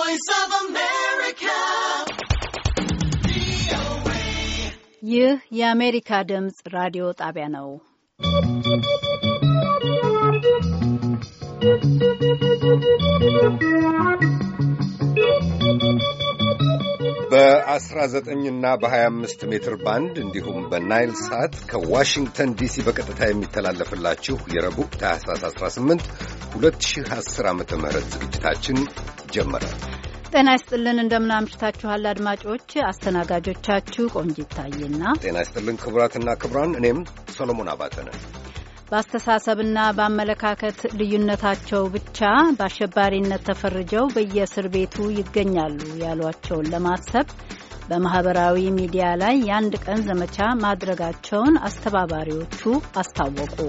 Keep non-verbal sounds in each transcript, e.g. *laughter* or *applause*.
voice of America. ይህ የአሜሪካ ድምፅ ራዲዮ ጣቢያ ነው። በ19 እና በ25 ሜትር ባንድ እንዲሁም በናይል ሳት ከዋሽንግተን ዲሲ በቀጥታ የሚተላለፍላችሁ የረቡዕ ታህሳስ 18 2010 ዓ ም ዝግጅታችን ጀመረ። ጤና ይስጥልን እንደምን አድማጮች። አስተናጋጆቻችሁ ቆንጅ ይታየና፣ ጤና ይስጥልን ክቡራትና ክቡራን፣ እኔም ሰሎሞን አባተ ነን። በአስተሳሰብና በአመለካከት ልዩነታቸው ብቻ በአሸባሪነት ተፈርጀው በየእስር ቤቱ ይገኛሉ ያሏቸውን ለማሰብ በማህበራዊ ሚዲያ ላይ የአንድ ቀን ዘመቻ ማድረጋቸውን አስተባባሪዎቹ አስታወቁ።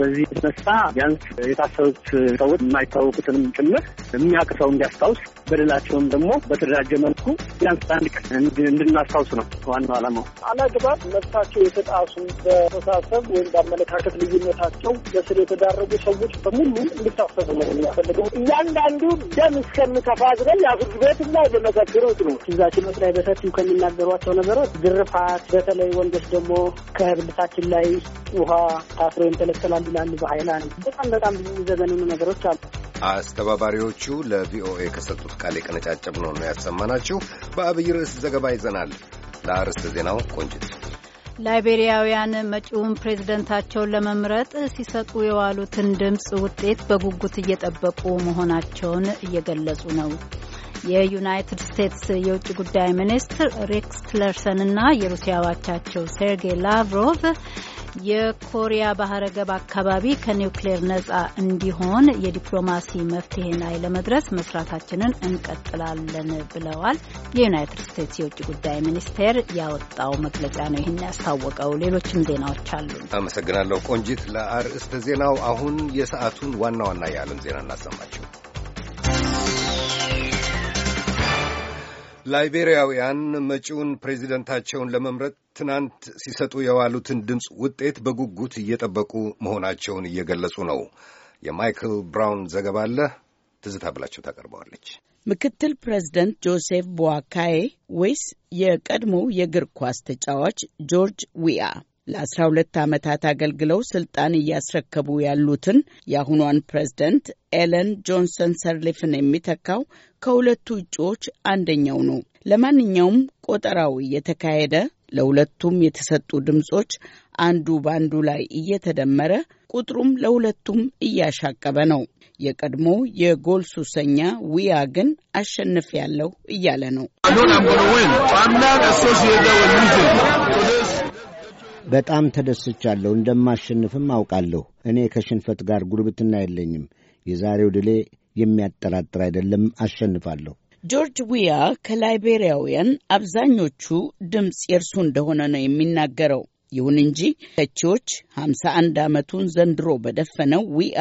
በዚህ የተነሳ ቢያንስ የታሰሩት ሰዎች የማይታወቁትንም ጭምር የሚያውቅ ሰው እንዲያስታውስ በደላቸውን ደግሞ በተደራጀ መልኩ ቢያንስ አንድ ቀን እንድናስታውስ ነው ዋናው ዓላማው። አላግባብ መብታቸው የተጣሱ በተሳሰብ ወይም በአመለካከት ልዩነታቸው ለስር የተዳረጉ ሰዎች በሙሉ እንድታሰቡ ነው የሚያፈልገው። እያንዳንዱ ደም እስከሚከፋ ዝበል ቤት ላይ በመሰክሩት ነው ህዝባችን መስሪያ በሰፊው ከሚናገሯቸው ነገሮች ግርፋት፣ በተለይ ወንዶች ደግሞ ከብልታችን ላይ ውሃ ታስሮ ይንጠለጠላል ይገድላሉ በሀይላንድ በጣም በጣም ብዙ ዘገንኑ ነገሮች አሉ። አስተባባሪዎቹ ለቪኦኤ ከሰጡት ቃል የቀነጫጨብነው ነው ያሰማናችሁ። በአብይ ርዕስ ዘገባ ይዘናል። ለአርዕስተ ዜናው ቆንጭት ላይቤሪያውያን መጪውን ፕሬዝደንታቸውን ለመምረጥ ሲሰጡ የዋሉትን ድምፅ ውጤት በጉጉት እየጠበቁ መሆናቸውን እየገለጹ ነው። የዩናይትድ ስቴትስ የውጭ ጉዳይ ሚኒስትር ሬክስ ቲለርሰንና የሩሲያ ዋቻቸው ሴርጌይ ላቭሮቭ የኮሪያ ባህረ ገብ አካባቢ ከኒውክሌር ነጻ እንዲሆን የዲፕሎማሲ መፍትሄ ላይ ለመድረስ መስራታችንን እንቀጥላለን ብለዋል። የዩናይትድ ስቴትስ የውጭ ጉዳይ ሚኒስቴር ያወጣው መግለጫ ነው ይህን ያስታወቀው። ሌሎችም ዜናዎች አሉ። አመሰግናለሁ ቆንጂት ለአርዕስተ ዜናው። አሁን የሰዓቱን ዋና ዋና የዓለም ዜና እናሰማችሁ። ላይቤሪያውያን መጪውን ፕሬዚደንታቸውን ለመምረጥ ትናንት ሲሰጡ የዋሉትን ድምፅ ውጤት በጉጉት እየጠበቁ መሆናቸውን እየገለጹ ነው። የማይክል ብራውን ዘገባ አለ። ትዝታ ብላቸው ታቀርበዋለች። ምክትል ፕሬዚደንት ጆሴፍ ቦዋካዬ ወይስ የቀድሞው የእግር ኳስ ተጫዋች ጆርጅ ዊያ? ለ12 ዓመታት አገልግለው ስልጣን እያስረከቡ ያሉትን የአሁኗን ፕሬዝደንት ኤለን ጆንሰን ሰርሊፍን የሚተካው ከሁለቱ እጩዎች አንደኛው ነው። ለማንኛውም ቆጠራው እየተካሄደ ለሁለቱም የተሰጡ ድምጾች አንዱ በአንዱ ላይ እየተደመረ ቁጥሩም ለሁለቱም እያሻቀበ ነው። የቀድሞ የጎል ሱሰኛ ዊያ ግን አሸንፍ ያለው እያለ ነው። በጣም ተደስቻለሁ። እንደማሸንፍም አውቃለሁ። እኔ ከሽንፈት ጋር ጉርብትና የለኝም። የዛሬው ድሌ የሚያጠራጥር አይደለም። አሸንፋለሁ። ጆርጅ ዊያ ከላይቤሪያውያን አብዛኞቹ ድምፅ የእርሱ እንደሆነ ነው የሚናገረው። ይሁን እንጂ ተቺዎች 51 ዓመቱን ዘንድሮ በደፈነው ዊያ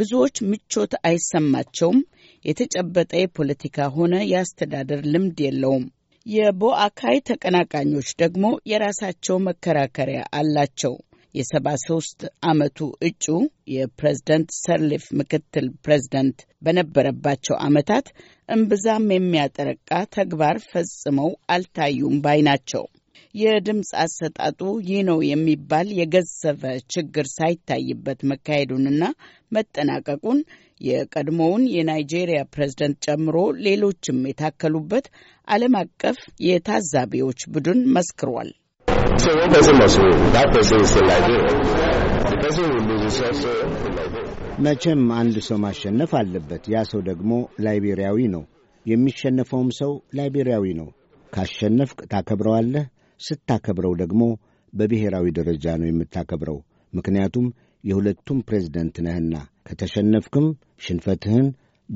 ብዙዎች ምቾት አይሰማቸውም። የተጨበጠ የፖለቲካ ሆነ የአስተዳደር ልምድ የለውም። የቦአካይ ተቀናቃኞች ደግሞ የራሳቸው መከራከሪያ አላቸው የሰባ የ73 አመቱ እጩ የፕሬዝደንት ሰርሊፍ ምክትል ፕሬዝደንት በነበረባቸው አመታት እምብዛም የሚያጠረቃ ተግባር ፈጽመው አልታዩም ባይ ናቸው። የድምፅ አሰጣጡ ይህ ነው የሚባል የገዘፈ ችግር ሳይታይበት መካሄዱንና መጠናቀቁን የቀድሞውን የናይጄሪያ ፕሬዝደንት ጨምሮ ሌሎችም የታከሉበት ዓለም አቀፍ የታዛቢዎች ቡድን መስክሯል። መቼም አንድ ሰው ማሸነፍ አለበት። ያ ሰው ደግሞ ላይቤሪያዊ ነው። የሚሸነፈውም ሰው ላይቤሪያዊ ነው። ካሸነፍክ ታከብረዋለህ፣ ስታከብረው ደግሞ በብሔራዊ ደረጃ ነው የምታከብረው። ምክንያቱም የሁለቱም ፕሬዝደንት ነህና ከተሸነፍክም ሽንፈትህን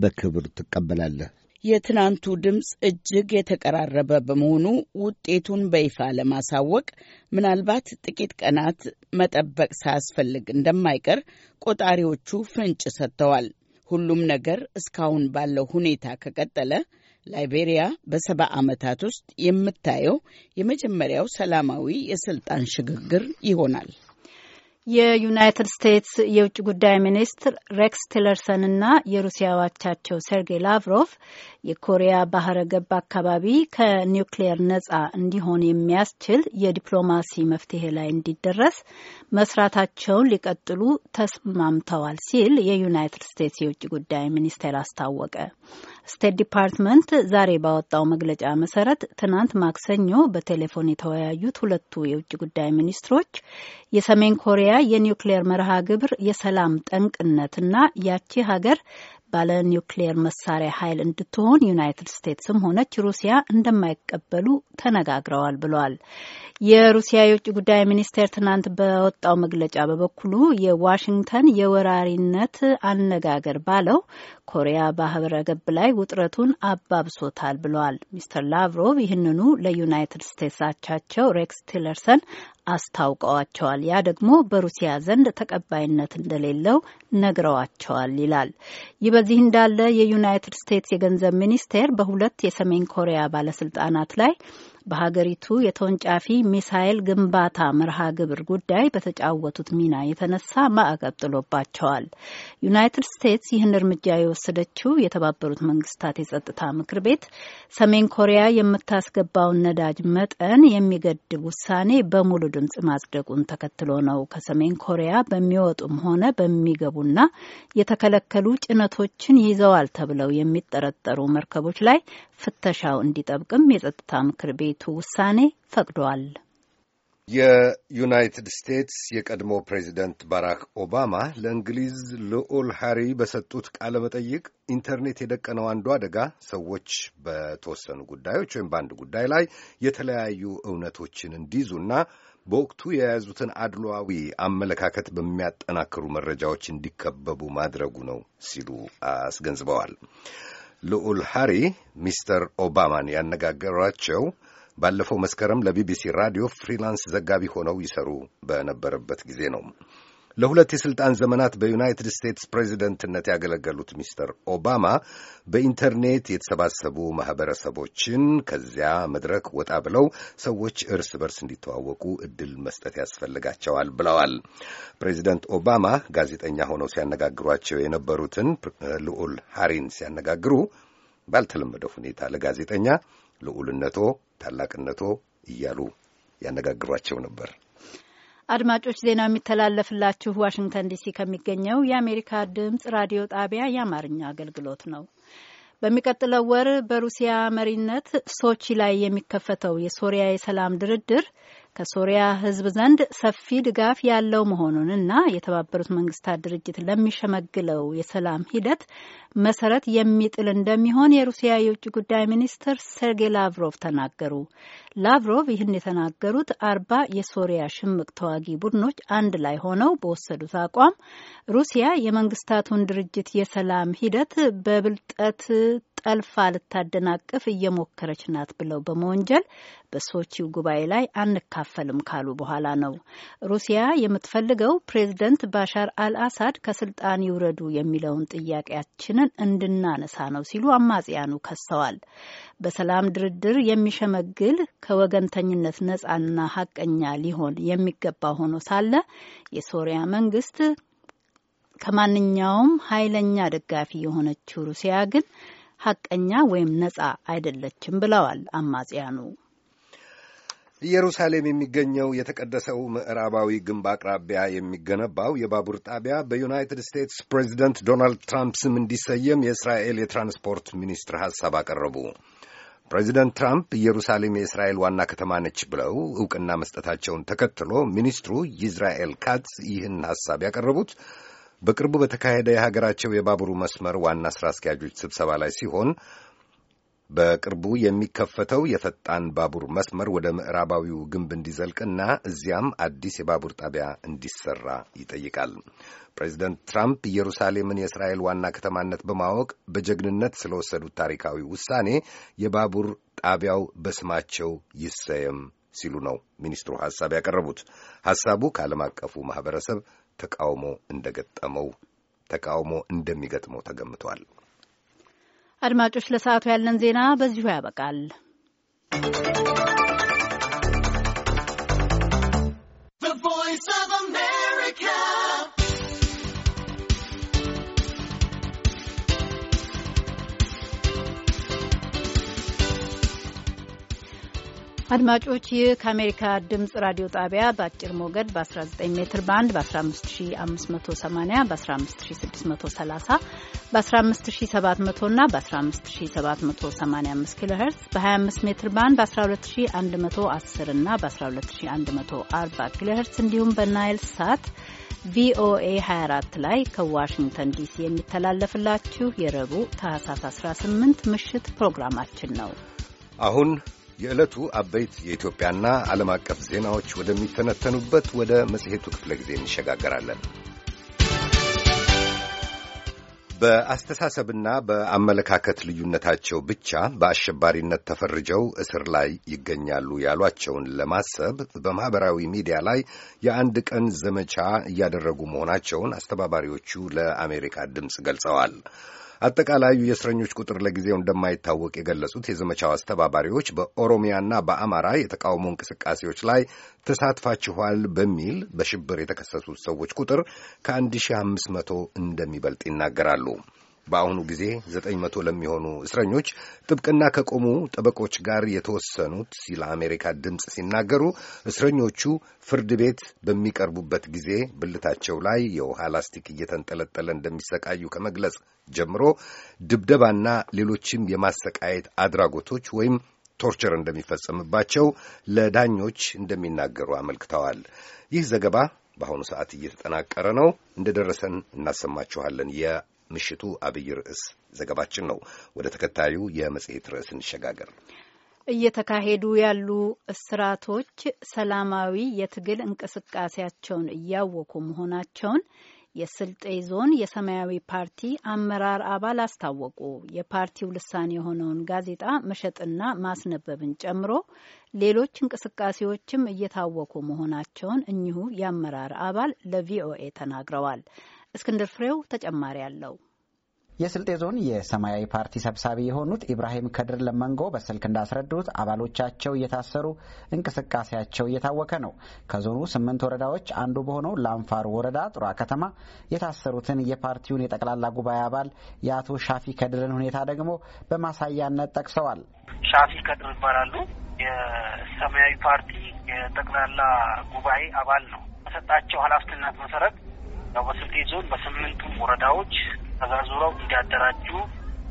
በክብር ትቀበላለህ። የትናንቱ ድምፅ እጅግ የተቀራረበ በመሆኑ ውጤቱን በይፋ ለማሳወቅ ምናልባት ጥቂት ቀናት መጠበቅ ሳያስፈልግ እንደማይቀር ቆጣሪዎቹ ፍንጭ ሰጥተዋል። ሁሉም ነገር እስካሁን ባለው ሁኔታ ከቀጠለ ላይቤሪያ በሰባ ዓመታት ውስጥ የምታየው የመጀመሪያው ሰላማዊ የስልጣን ሽግግር ይሆናል። የዩናይትድ ስቴትስ የውጭ ጉዳይ ሚኒስትር ሬክስ ቲለርሰንና የሩሲያ አቻቸው ሰርጌይ ላቭሮቭ የኮሪያ ባህረ ገብ አካባቢ ከኒውክሌር ነጻ እንዲሆን የሚያስችል የዲፕሎማሲ መፍትሄ ላይ እንዲደረስ መስራታቸውን ሊቀጥሉ ተስማምተዋል ሲል የዩናይትድ ስቴትስ የውጭ ጉዳይ ሚኒስቴር አስታወቀ። ስቴት ዲፓርትመንት ዛሬ ባወጣው መግለጫ መሰረት ትናንት ማክሰኞ በቴሌፎን የተወያዩት ሁለቱ የውጭ ጉዳይ ሚኒስትሮች የሰሜን ኮሪያ የኒውክሌር መርሃ ግብር የሰላም ጠንቅነት እና ያቺ ሀገር ባለ ኒውክሌር መሳሪያ ኃይል እንድትሆን ዩናይትድ ስቴትስም ሆነች ሩሲያ እንደማይቀበሉ ተነጋግረዋል ብሏል። የሩሲያ የውጭ ጉዳይ ሚኒስቴር ትናንት በወጣው መግለጫ በበኩሉ የዋሽንግተን የወራሪነት አነጋገር ባለው ኮሪያ ባህብረ ገብ ላይ ውጥረቱን አባብሶታል ብለዋል። ሚስተር ላቭሮቭ ይህንኑ ለዩናይትድ ስቴትስ አቻቸው ሬክስ ቲለርሰን አስታውቀዋቸዋል። ያ ደግሞ በሩሲያ ዘንድ ተቀባይነት እንደሌለው ነግረዋቸዋል ይላል። ይህ በዚህ እንዳለ የዩናይትድ ስቴትስ የገንዘብ ሚኒስቴር በሁለት የሰሜን ኮሪያ ባለስልጣናት ላይ በሀገሪቱ የተወንጫፊ ሚሳይል ግንባታ መርሃ ግብር ጉዳይ በተጫወቱት ሚና የተነሳ ማዕቀብ ጥሎባቸዋል። ዩናይትድ ስቴትስ ይህን እርምጃ የወሰደችው የተባበሩት መንግስታት የጸጥታ ምክር ቤት ሰሜን ኮሪያ የምታስገባውን ነዳጅ መጠን የሚገድብ ውሳኔ በሙሉ ድምጽ ማጽደቁን ተከትሎ ነው። ከሰሜን ኮሪያ በሚወጡም ሆነ በሚገቡና የተከለከሉ ጭነቶችን ይዘዋል ተብለው የሚጠረጠሩ መርከቦች ላይ ፍተሻው እንዲጠብቅም የጸጥታ ምክር ቤት ቤቱ ውሳኔ ፈቅዷል። የዩናይትድ ስቴትስ የቀድሞ ፕሬዚደንት ባራክ ኦባማ ለእንግሊዝ ልዑል ሃሪ በሰጡት ቃለ መጠይቅ ኢንተርኔት የደቀነው አንዱ አደጋ ሰዎች በተወሰኑ ጉዳዮች ወይም በአንድ ጉዳይ ላይ የተለያዩ እውነቶችን እንዲይዙና በወቅቱ የያዙትን አድሏዊ አመለካከት በሚያጠናክሩ መረጃዎች እንዲከበቡ ማድረጉ ነው ሲሉ አስገንዝበዋል። ልዑል ሃሪ ሚስተር ኦባማን ያነጋገሯቸው ባለፈው መስከረም ለቢቢሲ ራዲዮ ፍሪላንስ ዘጋቢ ሆነው ይሰሩ በነበረበት ጊዜ ነው። ለሁለት የሥልጣን ዘመናት በዩናይትድ ስቴትስ ፕሬዚደንትነት ያገለገሉት ሚስተር ኦባማ በኢንተርኔት የተሰባሰቡ ማኅበረሰቦችን ከዚያ መድረክ ወጣ ብለው ሰዎች እርስ በርስ እንዲተዋወቁ ዕድል መስጠት ያስፈልጋቸዋል ብለዋል። ፕሬዚደንት ኦባማ ጋዜጠኛ ሆነው ሲያነጋግሯቸው የነበሩትን ልዑል ሃሪን ሲያነጋግሩ ባልተለመደ ሁኔታ ለጋዜጠኛ ልዑልነቶ፣ ታላቅነቶ እያሉ ያነጋግሯቸው ነበር። አድማጮች ዜናው የሚተላለፍላችሁ ዋሽንግተን ዲሲ ከሚገኘው የአሜሪካ ድምፅ ራዲዮ ጣቢያ የአማርኛ አገልግሎት ነው። በሚቀጥለው ወር በሩሲያ መሪነት ሶቺ ላይ የሚከፈተው የሶሪያ የሰላም ድርድር ከሶሪያ ሕዝብ ዘንድ ሰፊ ድጋፍ ያለው መሆኑን እና የተባበሩት መንግስታት ድርጅት ለሚሸመግለው የሰላም ሂደት መሰረት የሚጥል እንደሚሆን የሩሲያ የውጭ ጉዳይ ሚኒስትር ሴርጌይ ላቭሮቭ ተናገሩ። ላቭሮቭ ይህን የተናገሩት አርባ የሶሪያ ሽምቅ ተዋጊ ቡድኖች አንድ ላይ ሆነው በወሰዱት አቋም ሩሲያ የመንግስታቱን ድርጅት የሰላም ሂደት በብልጠት ጠልፋ ልታደናቅፍ እየሞከረች ናት ብለው በመወንጀል በሶቺው ጉባኤ ላይ አንካፈልም ካሉ በኋላ ነው። ሩሲያ የምትፈልገው ፕሬዝደንት ባሻር አልአሳድ ከስልጣን ይውረዱ የሚለውን ጥያቄያችንን እንድናነሳ ነው ሲሉ አማጽያኑ ከሰዋል። በሰላም ድርድር የሚሸመግል ከወገንተኝነት ነጻና ሀቀኛ ሊሆን የሚገባ ሆኖ ሳለ የሶሪያ መንግስት ከማንኛውም ኃይለኛ ደጋፊ የሆነችው ሩሲያ ግን ሀቀኛ ወይም ነጻ አይደለችም ብለዋል አማጽያኑ። ኢየሩሳሌም የሚገኘው የተቀደሰው ምዕራባዊ ግንብ አቅራቢያ የሚገነባው የባቡር ጣቢያ በዩናይትድ ስቴትስ ፕሬዚደንት ዶናልድ ትራምፕ ስም እንዲሰየም የእስራኤል የትራንስፖርት ሚኒስትር ሐሳብ አቀረቡ። ፕሬዚደንት ትራምፕ ኢየሩሳሌም የእስራኤል ዋና ከተማ ነች ብለው እውቅና መስጠታቸውን ተከትሎ ሚኒስትሩ ይዝራኤል ካትስ ይህን ሐሳብ ያቀረቡት በቅርቡ በተካሄደ የሀገራቸው የባቡሩ መስመር ዋና ሥራ አስኪያጆች ስብሰባ ላይ ሲሆን በቅርቡ የሚከፈተው የፈጣን ባቡር መስመር ወደ ምዕራባዊው ግንብ እንዲዘልቅና እዚያም አዲስ የባቡር ጣቢያ እንዲሰራ ይጠይቃል። ፕሬዚደንት ትራምፕ ኢየሩሳሌምን የእስራኤል ዋና ከተማነት በማወቅ በጀግንነት ስለወሰዱት ታሪካዊ ውሳኔ የባቡር ጣቢያው በስማቸው ይሰየም ሲሉ ነው ሚኒስትሩ ሐሳብ ያቀረቡት። ሐሳቡ ከዓለም አቀፉ ማኅበረሰብ ተቃውሞ እንደገጠመው ተቃውሞ እንደሚገጥመው ተገምቷል። አድማጮች፣ ለሰዓቱ ያለን ዜና በዚሁ ያበቃል። አድማጮች ይህ ከአሜሪካ ድምጽ ራዲዮ ጣቢያ በአጭር ሞገድ በ19 ሜትር ባንድ በ15580 በ15630 በ15700 እና በ15785 ኪሎ ሄርዝ በ25 ሜትር ባንድ በ12110 እና በ12140 ኪሎ ሄርዝ እንዲሁም በናይል ሳት ቪኦኤ 24 ላይ ከዋሽንግተን ዲሲ የሚተላለፍላችሁ የረቡዕ ታህሳስ 18 ምሽት ፕሮግራማችን ነው። አሁን የዕለቱ አበይት የኢትዮጵያና ዓለም አቀፍ ዜናዎች ወደሚተነተኑበት ወደ መጽሔቱ ክፍለ ጊዜ እንሸጋገራለን። በአስተሳሰብና በአመለካከት ልዩነታቸው ብቻ በአሸባሪነት ተፈርጀው እስር ላይ ይገኛሉ ያሏቸውን ለማሰብ በማኅበራዊ ሚዲያ ላይ የአንድ ቀን ዘመቻ እያደረጉ መሆናቸውን አስተባባሪዎቹ ለአሜሪካ ድምፅ ገልጸዋል። አጠቃላዩ የእስረኞች ቁጥር ለጊዜው እንደማይታወቅ የገለጹት የዘመቻው አስተባባሪዎች በኦሮሚያና በአማራ የተቃውሞ እንቅስቃሴዎች ላይ ተሳትፋችኋል በሚል በሽብር የተከሰሱት ሰዎች ቁጥር ከ1500 እንደሚበልጥ ይናገራሉ። በአሁኑ ጊዜ ዘጠኝ መቶ ለሚሆኑ እስረኞች ጥብቅና ከቆሙ ጠበቆች ጋር የተወሰኑት ለአሜሪካ ድምፅ ሲናገሩ እስረኞቹ ፍርድ ቤት በሚቀርቡበት ጊዜ ብልታቸው ላይ የውሃ ላስቲክ እየተንጠለጠለ እንደሚሰቃዩ ከመግለጽ ጀምሮ ድብደባና ሌሎችም የማሰቃየት አድራጎቶች ወይም ቶርቸር እንደሚፈጸምባቸው ለዳኞች እንደሚናገሩ አመልክተዋል። ይህ ዘገባ በአሁኑ ሰዓት እየተጠናቀረ ነው። እንደደረሰን እናሰማችኋለን። ምሽቱ አብይ ርዕስ ዘገባችን ነው። ወደ ተከታዩ የመጽሔት ርዕስ እንሸጋገር። እየተካሄዱ ያሉ እስራቶች ሰላማዊ የትግል እንቅስቃሴያቸውን እያወኩ መሆናቸውን የስልጤ ዞን የሰማያዊ ፓርቲ አመራር አባል አስታወቁ። የፓርቲው ልሳን የሆነውን ጋዜጣ መሸጥና ማስነበብን ጨምሮ ሌሎች እንቅስቃሴዎችም እየታወኩ መሆናቸውን እኚሁ የአመራር አባል ለቪኦኤ ተናግረዋል። እስክንድር ፍሬው ተጨማሪ አለው። የስልጤ ዞን የሰማያዊ ፓርቲ ሰብሳቢ የሆኑት ኢብራሂም ከድር ለመንጎ በስልክ እንዳስረዱት አባሎቻቸው እየታሰሩ እንቅስቃሴያቸው እየታወከ ነው። ከዞኑ ስምንት ወረዳዎች አንዱ በሆነው ላንፋሩ ወረዳ ጥሯ ከተማ የታሰሩትን የፓርቲውን የጠቅላላ ጉባኤ አባል የአቶ ሻፊ ከድርን ሁኔታ ደግሞ በማሳያነት ጠቅሰዋል። ሻፊ ከድር ይባላሉ። የሰማያዊ ፓርቲ የጠቅላላ ጉባኤ አባል ነው። በሰጣቸው ኃላፊነት መሰረት ነው በስልጤ ዞን በስምንቱም ወረዳዎች ተዛዙረው እንዲያደራጁ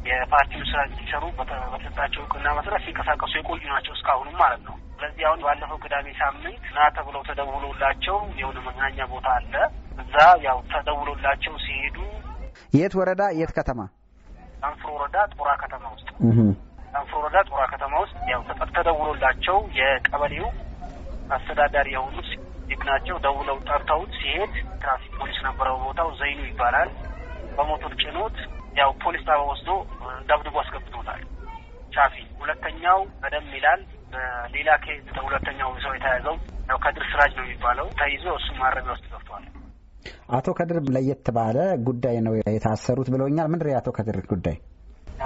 የፓርቲውን ስራ እንዲሰሩ በተሰጣቸው እውቅና መሰረት ሲንቀሳቀሱ የቆዩ ናቸው እስካሁንም ማለት ነው። ስለዚህ አሁን ባለፈው ቅዳሜ ሳምንት ና ተብለው ተደውሎላቸው የሆነ መዝናኛ ቦታ አለ። እዛ ያው ተደውሎላቸው ሲሄዱ የት ወረዳ የት ከተማ? አንፍሮ ወረዳ ጦራ ከተማ ውስጥ አንፍሮ ወረዳ ጦራ ከተማ ውስጥ ያው ተደውሎላቸው የቀበሌው አስተዳዳሪ የሆኑት ናቸው ደውለው ጠርተውት ሲሄድ ትራፊክ ፖሊስ ነበረው ቦታው ዘይኑ ይባላል። በሞቶር ጭኖት ያው ፖሊስ ጣባ ወስዶ ደብድቦ አስገብቶታል። ቻፊ ሁለተኛው በደም ይላል። በሌላ ኬዝ ሁለተኛው ሰው የተያዘው ያው ከድር ስራጅ ነው የሚባለው ተይዞ እሱ ማረሚያ ውስጥ ገብቷል። አቶ ከድር ለየት ባለ ጉዳይ ነው የታሰሩት ብለውኛል። ምንድን ነው የአቶ ከድር ጉዳይ?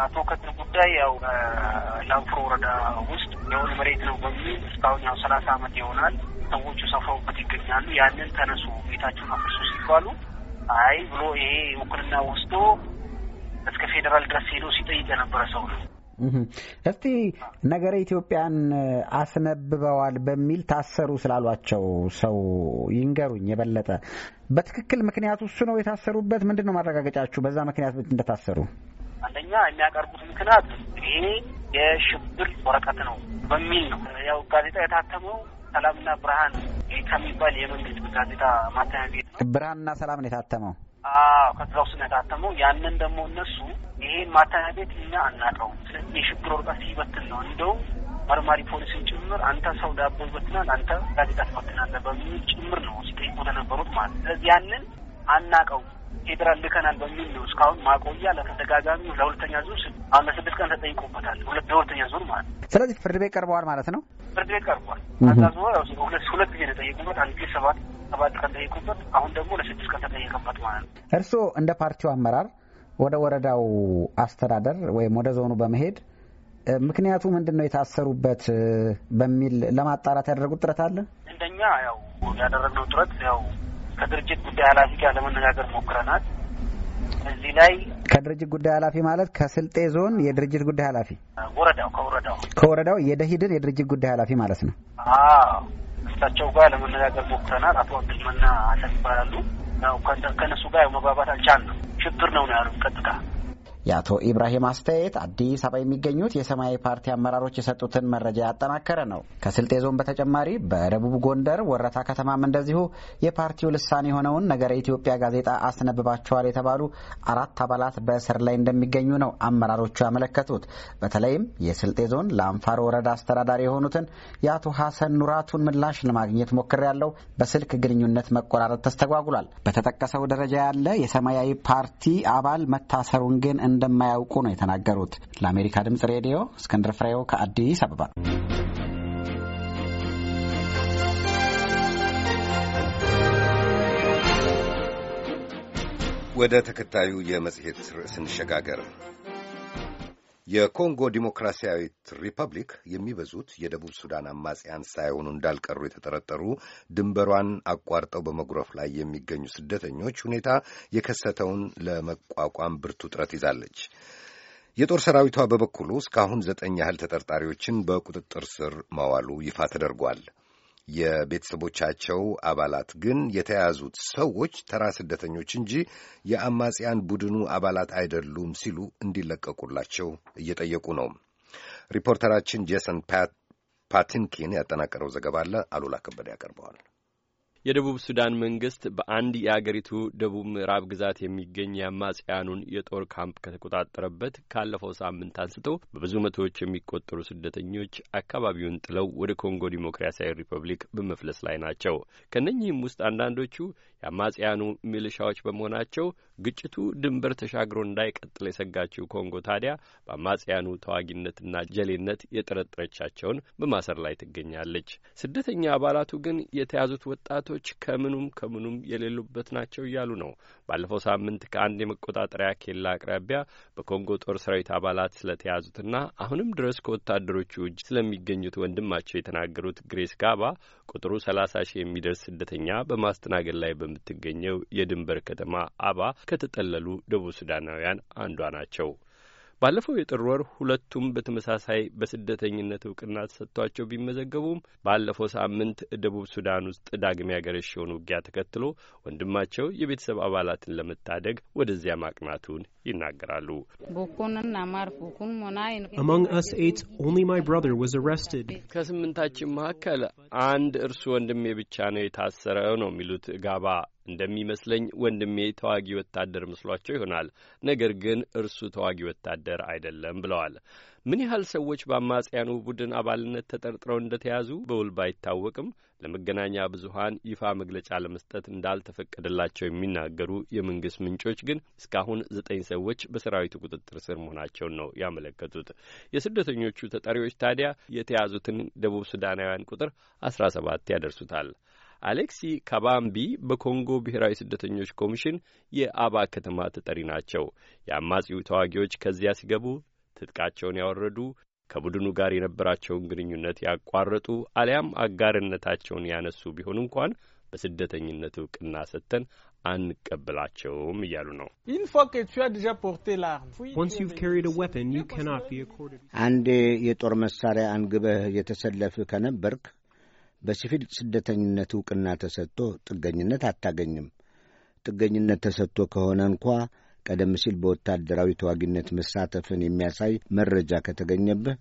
አቶ ከድር ጉዳይ ያው በላምፕሮ ወረዳ ውስጥ የሆነ መሬት ነው በሚል እስካሁን ያው ሰላሳ አመት ይሆናል ሰዎቹ ሰፍረውበት ይገኛሉ። ያንን ተነሱ ቤታችሁን አፍርሱ ሲባሉ አይ ብሎ ይሄ ውክልና ወስዶ እስከ ፌዴራል ድረስ ሄዶ ሲጠይቅ የነበረ ሰው ነው። እስቲ ነገረ ኢትዮጵያን አስነብበዋል በሚል ታሰሩ ስላሏቸው ሰው ይንገሩኝ። የበለጠ በትክክል ምክንያቱ እሱ ነው የታሰሩበት። ምንድን ነው ማረጋገጫችሁ በዛ ምክንያት እንደታሰሩ? አንደኛ የሚያቀርቡት ምክንያት ይሄ የሽብር ወረቀት ነው በሚል ነው። ያው ጋዜጣ የታተመው ሰላምና ብርሃን ከሚባል የመንግስት ጋዜጣ ማተሚያ ቤት ነው። ብርሃንና ሰላም ነው የታተመው። አዎ ከዛ ውስጥ ነው የታተመው። ያንን ደግሞ እነሱ ይሄን ማተሚያ ቤት እኛ አናውቀውም፣ ስለዚህ የሽብር ወረቀት ሲበትን ነው እንደው መርማሪ ፖሊስን ጭምር አንተ ሰው ዳቦ ይበትናል፣ አንተ ጋዜጣ ትበትናለህ በሚል ጭምር ነው ሲጠይቁ ተነበሩት ማለት ስለዚህ ያንን አናውቀውም ፌዴራል ልከናል በሚል ነው እስካሁን ማቆያ ለተደጋጋሚ ለሁለተኛ ዙር አሁን ለስድስት ቀን ተጠይቆበታል። ሁለት ለሁለተኛ ዙር ማለት ነው። ስለዚህ ፍርድ ቤት ቀርበዋል ማለት ነው። ፍርድ ቤት ቀርቧል። አዛዙ ሁለት ሁለት ጊዜ ተጠይቁበት፣ አንድ ጊዜ ሰባት ሰባት ቀን ተጠይቁበት፣ አሁን ደግሞ ለስድስት ቀን ተጠየቀበት ማለት ነው። እርስዎ እንደ ፓርቲው አመራር ወደ ወረዳው አስተዳደር ወይም ወደ ዞኑ በመሄድ ምክንያቱ ምንድን ነው የታሰሩበት በሚል ለማጣራት ያደረጉት ጥረት አለ? እንደኛ ያው ያደረግነው ጥረት ያው ከድርጅት ጉዳይ ኃላፊ ጋር ለመነጋገር ሞክረናል። እዚህ ላይ ከድርጅት ጉዳይ ኃላፊ ማለት ከስልጤ ዞን የድርጅት ጉዳይ ኃላፊ ወረዳው ከወረዳው ከወረዳው የደሂድን የድርጅት ጉዳይ ኃላፊ ማለት ነው። እሳቸው ጋር ለመነጋገር ሞክረናል። አቶ አብዱልመና አሰን ይባላሉ። ከነሱ ጋር መግባባት አልቻልንም። ችግር ነው ነው ያሉት ቀጥታ የአቶ ኢብራሂም አስተያየት አዲስ አበባ የሚገኙት የሰማያዊ ፓርቲ አመራሮች የሰጡትን መረጃ ያጠናከረ ነው። ከስልጤ ዞን በተጨማሪ በደቡብ ጎንደር ወረታ ከተማም እንደዚሁ የፓርቲው ልሳን የሆነውን ነገረ ኢትዮጵያ ጋዜጣ አስነብባቸዋል የተባሉ አራት አባላት በእስር ላይ እንደሚገኙ ነው አመራሮቹ ያመለከቱት። በተለይም የስልጤ ዞን ለአንፋሮ ወረዳ አስተዳዳሪ የሆኑትን የአቶ ሀሰን ኑራቱን ምላሽ ለማግኘት ሞክር ያለው በስልክ ግንኙነት መቆራረጥ ተስተጓጉሏል። በተጠቀሰው ደረጃ ያለ የሰማያዊ ፓርቲ አባል መታሰሩን ግን እንደማያውቁ ነው የተናገሩት። ለአሜሪካ ድምጽ ሬዲዮ እስክንድር ፍሬው ከአዲስ አበባ። ወደ ተከታዩ የመጽሔት ርዕስ እንሸጋገር። የኮንጎ ዲሞክራሲያዊት ሪፐብሊክ የሚበዙት የደቡብ ሱዳን አማጽያን ሳይሆኑ እንዳልቀሩ የተጠረጠሩ ድንበሯን አቋርጠው በመጉረፍ ላይ የሚገኙ ስደተኞች ሁኔታ የከሰተውን ለመቋቋም ብርቱ ጥረት ይዛለች። የጦር ሰራዊቷ በበኩሉ እስካሁን ዘጠኝ ያህል ተጠርጣሪዎችን በቁጥጥር ስር ማዋሉ ይፋ ተደርጓል። የቤተሰቦቻቸው አባላት ግን የተያዙት ሰዎች ተራ ስደተኞች እንጂ የአማጽያን ቡድኑ አባላት አይደሉም ሲሉ እንዲለቀቁላቸው እየጠየቁ ነው። ሪፖርተራችን ጄሰን ፓቲንኪን ያጠናቀረው ዘገባ አለ። አሉላ ከበደ ያቀርበዋል። የደቡብ ሱዳን መንግስት በአንድ የአገሪቱ ደቡብ ምዕራብ ግዛት የሚገኝ የአማጽያኑን የጦር ካምፕ ከተቆጣጠረበት ካለፈው ሳምንት አንስቶ በብዙ መቶዎች የሚቆጠሩ ስደተኞች አካባቢውን ጥለው ወደ ኮንጎ ዲሞክራሲያዊ ሪፐብሊክ በመፍለስ ላይ ናቸው። ከእነኚህም ውስጥ አንዳንዶቹ የአማጽያኑ ሚልሻዎች በመሆናቸው ግጭቱ ድንበር ተሻግሮ እንዳይቀጥል የሰጋችው ኮንጎ ታዲያ በአማጽያኑ ተዋጊነትና ጀሌነት የጠረጠረቻቸውን በማሰር ላይ ትገኛለች። ስደተኛ አባላቱ ግን የተያዙት ወጣቶች ሰዎች ከምኑም ከምኑም የሌሉበት ናቸው እያሉ ነው። ባለፈው ሳምንት ከአንድ የመቆጣጠሪያ ኬላ አቅራቢያ በኮንጎ ጦር ሰራዊት አባላት ስለተያዙትና አሁንም ድረስ ከወታደሮቹ እጅ ስለሚገኙት ወንድማቸው የተናገሩት ግሬስ ጋባ ቁጥሩ ሰላሳ ሺህ የሚደርስ ስደተኛ በማስተናገድ ላይ በምትገኘው የድንበር ከተማ አባ ከተጠለሉ ደቡብ ሱዳናውያን አንዷ ናቸው። ባለፈው የጥር ወር ሁለቱም በተመሳሳይ በስደተኝነት እውቅና ተሰጥቷቸው ቢመዘገቡም ባለፈው ሳምንት ደቡብ ሱዳን ውስጥ ዳግም ያገረሸውን ውጊያ ተከትሎ ወንድማቸው የቤተሰብ አባላትን ለመታደግ ወደዚያ ማቅናቱን ይናገራሉ። ከስምንታችን መካከል አንድ እርሱ ወንድሜ ብቻ ነው የታሰረው ነው የሚሉት ጋባ እንደሚመስለኝ ወንድሜ ተዋጊ ወታደር መስሏቸው ይሆናል። ነገር ግን እርሱ ተዋጊ ወታደር አይደለም ብለዋል። ምን ያህል ሰዎች በአማጽያኑ ቡድን አባልነት ተጠርጥረው እንደተያዙ በውል ባይታወቅም ለመገናኛ ብዙኃን ይፋ መግለጫ ለመስጠት እንዳልተፈቀደላቸው የሚናገሩ የመንግስት ምንጮች ግን እስካሁን ዘጠኝ ሰዎች በሰራዊቱ ቁጥጥር ስር መሆናቸውን ነው ያመለከቱት። የስደተኞቹ ተጠሪዎች ታዲያ የተያዙትን ደቡብ ሱዳናውያን ቁጥር አስራ ሰባት ያደርሱታል። አሌክሲ ካባምቢ በኮንጎ ብሔራዊ ስደተኞች ኮሚሽን የአባ ከተማ ተጠሪ ናቸው። የአማጺው ተዋጊዎች ከዚያ ሲገቡ ትጥቃቸውን ያወረዱ፣ ከቡድኑ ጋር የነበራቸውን ግንኙነት ያቋረጡ አሊያም አጋርነታቸውን ያነሱ ቢሆን እንኳን በስደተኝነት እውቅና ሰጥተን አንቀበላቸውም እያሉ ነው። አንድ የጦር መሳሪያ አንግበህ የተሰለፍህ ከነበርክ በሲቪል ስደተኝነት ዕውቅና ተሰጥቶ ጥገኝነት አታገኝም። ጥገኝነት ተሰጥቶ ከሆነ እንኳ ቀደም ሲል በወታደራዊ ተዋጊነት መሳተፍን የሚያሳይ መረጃ ከተገኘብህ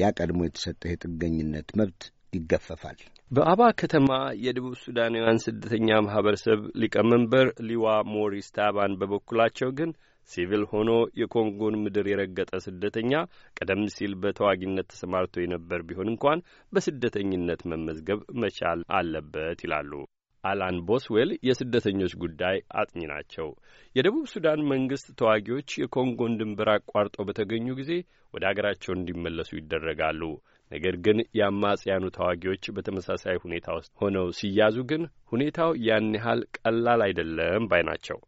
ያ ቀድሞ የተሰጠህ የጥገኝነት መብት ይገፈፋል። በአባ ከተማ የደቡብ ሱዳናውያን ስደተኛ ማህበረሰብ ሊቀመንበር ሊዋ ሞሪስ ታባን በበኩላቸው ግን ሲቪል ሆኖ የኮንጎን ምድር የረገጠ ስደተኛ ቀደም ሲል በተዋጊነት ተሰማርቶ የነበር ቢሆን እንኳን በስደተኝነት መመዝገብ መቻል አለበት ይላሉ። አላን ቦስዌል የስደተኞች ጉዳይ አጥኚ ናቸው። የደቡብ ሱዳን መንግስት ተዋጊዎች የኮንጎን ድንበር አቋርጦ በተገኙ ጊዜ ወደ አገራቸው እንዲመለሱ ይደረጋሉ። ነገር ግን የአማጽያኑ ተዋጊዎች በተመሳሳይ ሁኔታ ውስጥ ሆነው ሲያዙ ግን ሁኔታው ያን ያህል ቀላል አይደለም ባይ ናቸው።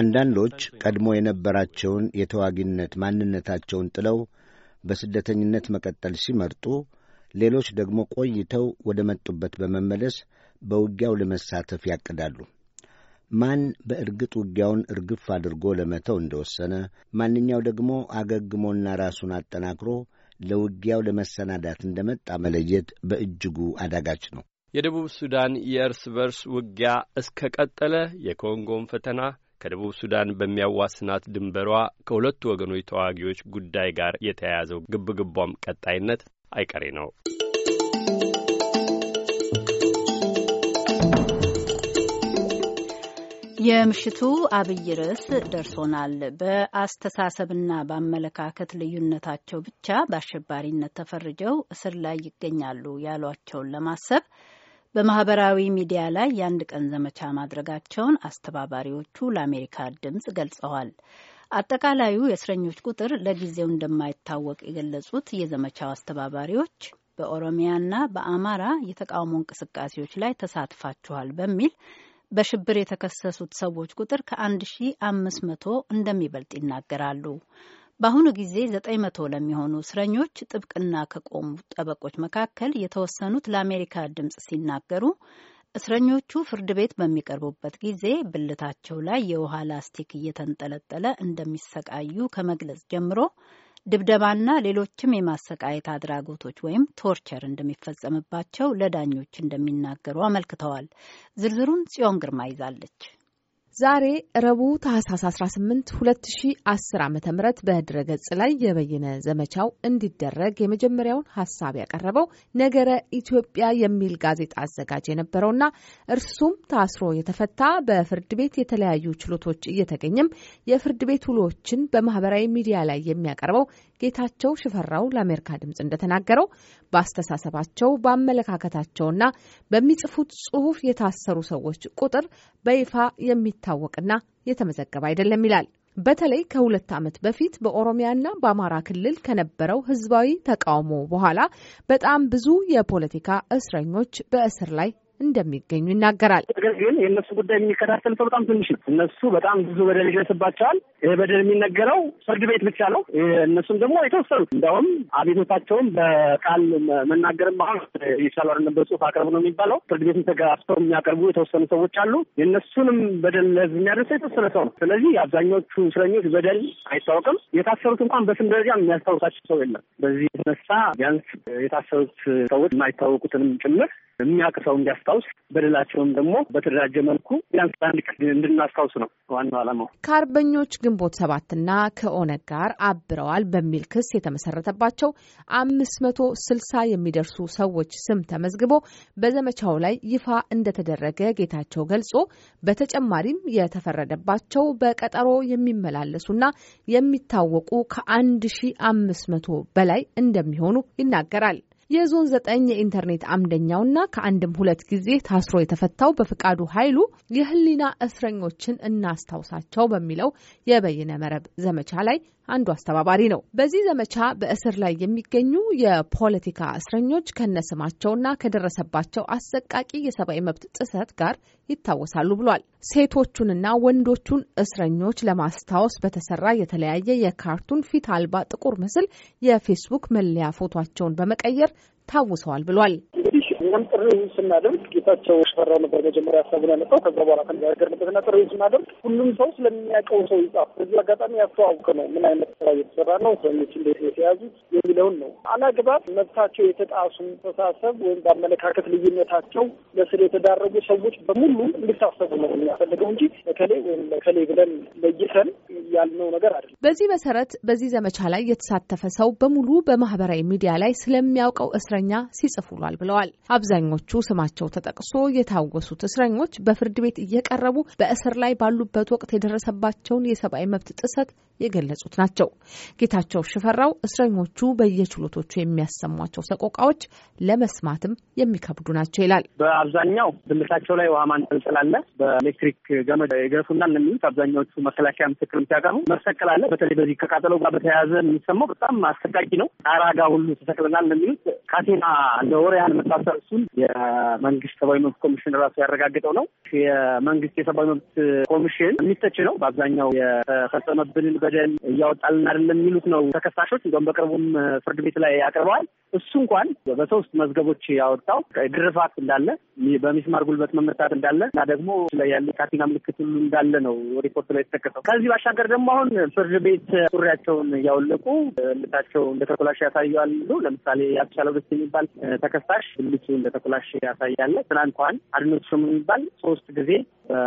አንዳንዶች ቀድሞ የነበራቸውን የተዋጊነት ማንነታቸውን ጥለው በስደተኝነት መቀጠል ሲመርጡ፣ ሌሎች ደግሞ ቆይተው ወደ መጡበት በመመለስ በውጊያው ለመሳተፍ ያቅዳሉ። ማን በእርግጥ ውጊያውን እርግፍ አድርጎ ለመተው እንደወሰነ፣ ማንኛው ደግሞ አገግሞና ራሱን አጠናክሮ ለውጊያው ለመሰናዳት እንደመጣ መለየት በእጅጉ አዳጋች ነው። የደቡብ ሱዳን የእርስ በርስ ውጊያ እስከ ቀጠለ የኮንጎን ፈተና ከደቡብ ሱዳን በሚያዋስናት ድንበሯ ከሁለቱ ወገኖች ተዋጊዎች ጉዳይ ጋር የተያያዘው ግብግቧም ቀጣይነት አይቀሬ ነው። የምሽቱ አብይ ርዕስ ደርሶናል። በአስተሳሰብና በአመለካከት ልዩነታቸው ብቻ በአሸባሪነት ተፈርጀው እስር ላይ ይገኛሉ ያሏቸውን ለማሰብ በማህበራዊ ሚዲያ ላይ የአንድ ቀን ዘመቻ ማድረጋቸውን አስተባባሪዎቹ ለአሜሪካ ድምፅ ገልጸዋል። አጠቃላዩ የእስረኞች ቁጥር ለጊዜው እንደማይታወቅ የገለጹት የዘመቻው አስተባባሪዎች በኦሮሚያና በአማራ የተቃውሞ እንቅስቃሴዎች ላይ ተሳትፋችኋል በሚል በሽብር የተከሰሱት ሰዎች ቁጥር ከ1500 እንደሚበልጥ ይናገራሉ። በአሁኑ ጊዜ 900 ለሚሆኑ እስረኞች ጥብቅና ከቆሙ ጠበቆች መካከል የተወሰኑት ለአሜሪካ ድምፅ ሲናገሩ እስረኞቹ ፍርድ ቤት በሚቀርቡበት ጊዜ ብልታቸው ላይ የውሃ ላስቲክ እየተንጠለጠለ እንደሚሰቃዩ ከመግለጽ ጀምሮ ድብደባና ሌሎችም የማሰቃየት አድራጎቶች ወይም ቶርቸር እንደሚፈጸምባቸው ለዳኞች እንደሚናገሩ አመልክተዋል። ዝርዝሩን ጽዮን ግርማ ይዛለች። ዛሬ ረቡዕ ታህሳስ 18 2010 ዓ ም በድረገጽ ላይ የበይነ ዘመቻው እንዲደረግ የመጀመሪያውን ሀሳብ ያቀረበው ነገረ ኢትዮጵያ የሚል ጋዜጣ አዘጋጅ የነበረውና እርሱም ታስሮ የተፈታ በፍርድ ቤት የተለያዩ ችሎቶች እየተገኘም የፍርድ ቤት ውሎችን በማህበራዊ ሚዲያ ላይ የሚያቀርበው ጌታቸው ሽፈራው ለአሜሪካ ድምፅ እንደተናገረው በአስተሳሰባቸው በአመለካከታቸውና በሚጽፉት ጽሑፍ የታሰሩ ሰዎች ቁጥር በይፋ የሚታወቅና የተመዘገበ አይደለም ይላል። በተለይ ከሁለት ዓመት በፊት በኦሮሚያና በአማራ ክልል ከነበረው ህዝባዊ ተቃውሞ በኋላ በጣም ብዙ የፖለቲካ እስረኞች በእስር ላይ እንደሚገኙ ይናገራል። ነገር ግን የእነሱ ጉዳይ የሚከታተል ሰው በጣም ትንሽ ነው። እነሱ በጣም ብዙ በደል ይደርስባቸዋል። ይህ በደል የሚነገረው ፍርድ ቤት ብቻ ነው። እነሱም ደግሞ የተወሰኑት እንዲያውም አቤቶታቸውም በቃል መናገርም አሁን ይሻላል ነበር ጽሁፍ አቅርቡ ነው የሚባለው። ፍርድ ቤት አስፈሩ የሚያቀርቡ የተወሰኑ ሰዎች አሉ። የእነሱንም በደል ለህዝብ የሚያደርሰው የተወሰነ ሰው ነው። ስለዚህ አብዛኞቹ እስረኞች በደል አይታወቅም። የታሰሩት እንኳን በስም ደረጃ የሚያስታውሳቸው ሰው የለም። በዚህ የተነሳ ቢያንስ የታሰሩት ሰዎች የማይታወቁትንም ጭምር የሚያውቅ ሰው እንዲያስ እንድናስታውስ በደላቸውም ደግሞ በተደራጀ መልኩ ቢያንስ በአንድ ቀን እንድናስታውስ ነው ዋናው ዓላማው። ከአርበኞች ግንቦት ሰባትና ከኦነግ ጋር አብረዋል በሚል ክስ የተመሰረተባቸው አምስት መቶ ስልሳ የሚደርሱ ሰዎች ስም ተመዝግቦ በዘመቻው ላይ ይፋ እንደተደረገ ጌታቸው ገልጾ በተጨማሪም የተፈረደባቸው በቀጠሮ የሚመላለሱና የሚታወቁ ከአንድ ሺ አምስት መቶ በላይ እንደሚሆኑ ይናገራል። የዞን ዘጠኝ የኢንተርኔት አምደኛውና ከአንድም ሁለት ጊዜ ታስሮ የተፈታው በፍቃዱ ኃይሉ የህሊና እስረኞችን እናስታውሳቸው በሚለው የበይነ መረብ ዘመቻ ላይ አንዱ አስተባባሪ ነው። በዚህ ዘመቻ በእስር ላይ የሚገኙ የፖለቲካ እስረኞች ከነስማቸውና ከደረሰባቸው አሰቃቂ የሰብአዊ መብት ጥሰት ጋር ይታወሳሉ ብሏል። ሴቶቹንና ወንዶቹን እስረኞች ለማስታወስ በተሰራ የተለያየ የካርቱን ፊት አልባ ጥቁር ምስል የፌስቡክ መለያ ፎቷቸውን በመቀየር ታውሰዋል ብሏል። እኛም ጥሪ ስናደርግ ጌታቸው ሽፈራው ነበር መጀመሪያ ሀሳቡን ያመጣው። ከዛ በኋላ ተነጋገርንበትና ጥሪ ስናደርግ ሁሉም ሰው ስለሚያውቀው ሰው ይጻፍ፣ በዚህ አጋጣሚ ያስተዋውቅ ነው። ምን አይነት ስራ እየተሰራ ነው፣ እስረኞች እንዴት የተያዙት የሚለውን ነው። አላግባብ መብታቸው የተጣሱ ተሳሰብ ወይም በአመለካከት ልዩነታቸው ለስር የተዳረጉ ሰዎች በሙሉ እንዲታሰቡ ነው የሚያፈልገው እንጂ ለከሌ ወይም ለከሌ ብለን ለይተን ያልነው ነገር አይደለም። በዚህ መሰረት በዚህ ዘመቻ ላይ የተሳተፈ ሰው በሙሉ በማህበራዊ ሚዲያ ላይ ስለሚያውቀው እስረኛ ሲጽፍ ውሏል ብለዋል። አብዛኞቹ ስማቸው ተጠቅሶ የታወሱት እስረኞች በፍርድ ቤት እየቀረቡ በእስር ላይ ባሉበት ወቅት የደረሰባቸውን የሰብአዊ መብት ጥሰት የገለጹት ናቸው። ጌታቸው ሽፈራው እስረኞቹ በየችሎቶቹ የሚያሰሟቸው ሰቆቃዎች ለመስማትም የሚከብዱ ናቸው ይላል። በአብዛኛው ብልታቸው ላይ ውሃ ማንጠል ስላለ በኤሌክትሪክ ገመድ የገርፉናል የሚሉት አብዛኛዎቹ መከላከያ ምስክርም ሲያቀርቡ መሰቀል አለ። በተለይ በዚህ ከቃጠለው ጋር በተያያዘ የሚሰማው በጣም አሰቃቂ ነው። ጣራ ጋር ሁሉ ተሰቅለናል የሚሉት ካቴና እንደ ወር ያህል መታሰር፣ እሱን የመንግስት ሰብአዊ መብት ኮሚሽን ራሱ ያረጋግጠው ነው። የመንግስት የሰብአዊ መብት ኮሚሽን የሚተች ነው በአብዛኛው የተፈጸመብንን ገደል እያወጣልን አይደለም የሚሉት ነው ተከሳሾች። እንዲሁም በቅርቡም ፍርድ ቤት ላይ አቅርበዋል። እሱ እንኳን በሶስት መዝገቦች ያወጣው ግርፋት እንዳለ፣ በሚስማር ጉልበት መመታት እንዳለ እና ደግሞ ያለ የካቲና ምልክት ሁሉ እንዳለ ነው ሪፖርት ላይ የተጠቀሰው። ከዚህ ባሻገር ደግሞ አሁን ፍርድ ቤት ሱሪያቸውን እያወለቁ ብልታቸው እንደተኮላሽ ያሳያሉ። ለምሳሌ ያስቻለው ደስ የሚባል ተከሳሽ ብልቱ እንደተኮላሽ ያሳያለ። ትናንት እንኳን አድኖ የሚባል ሶስት ጊዜ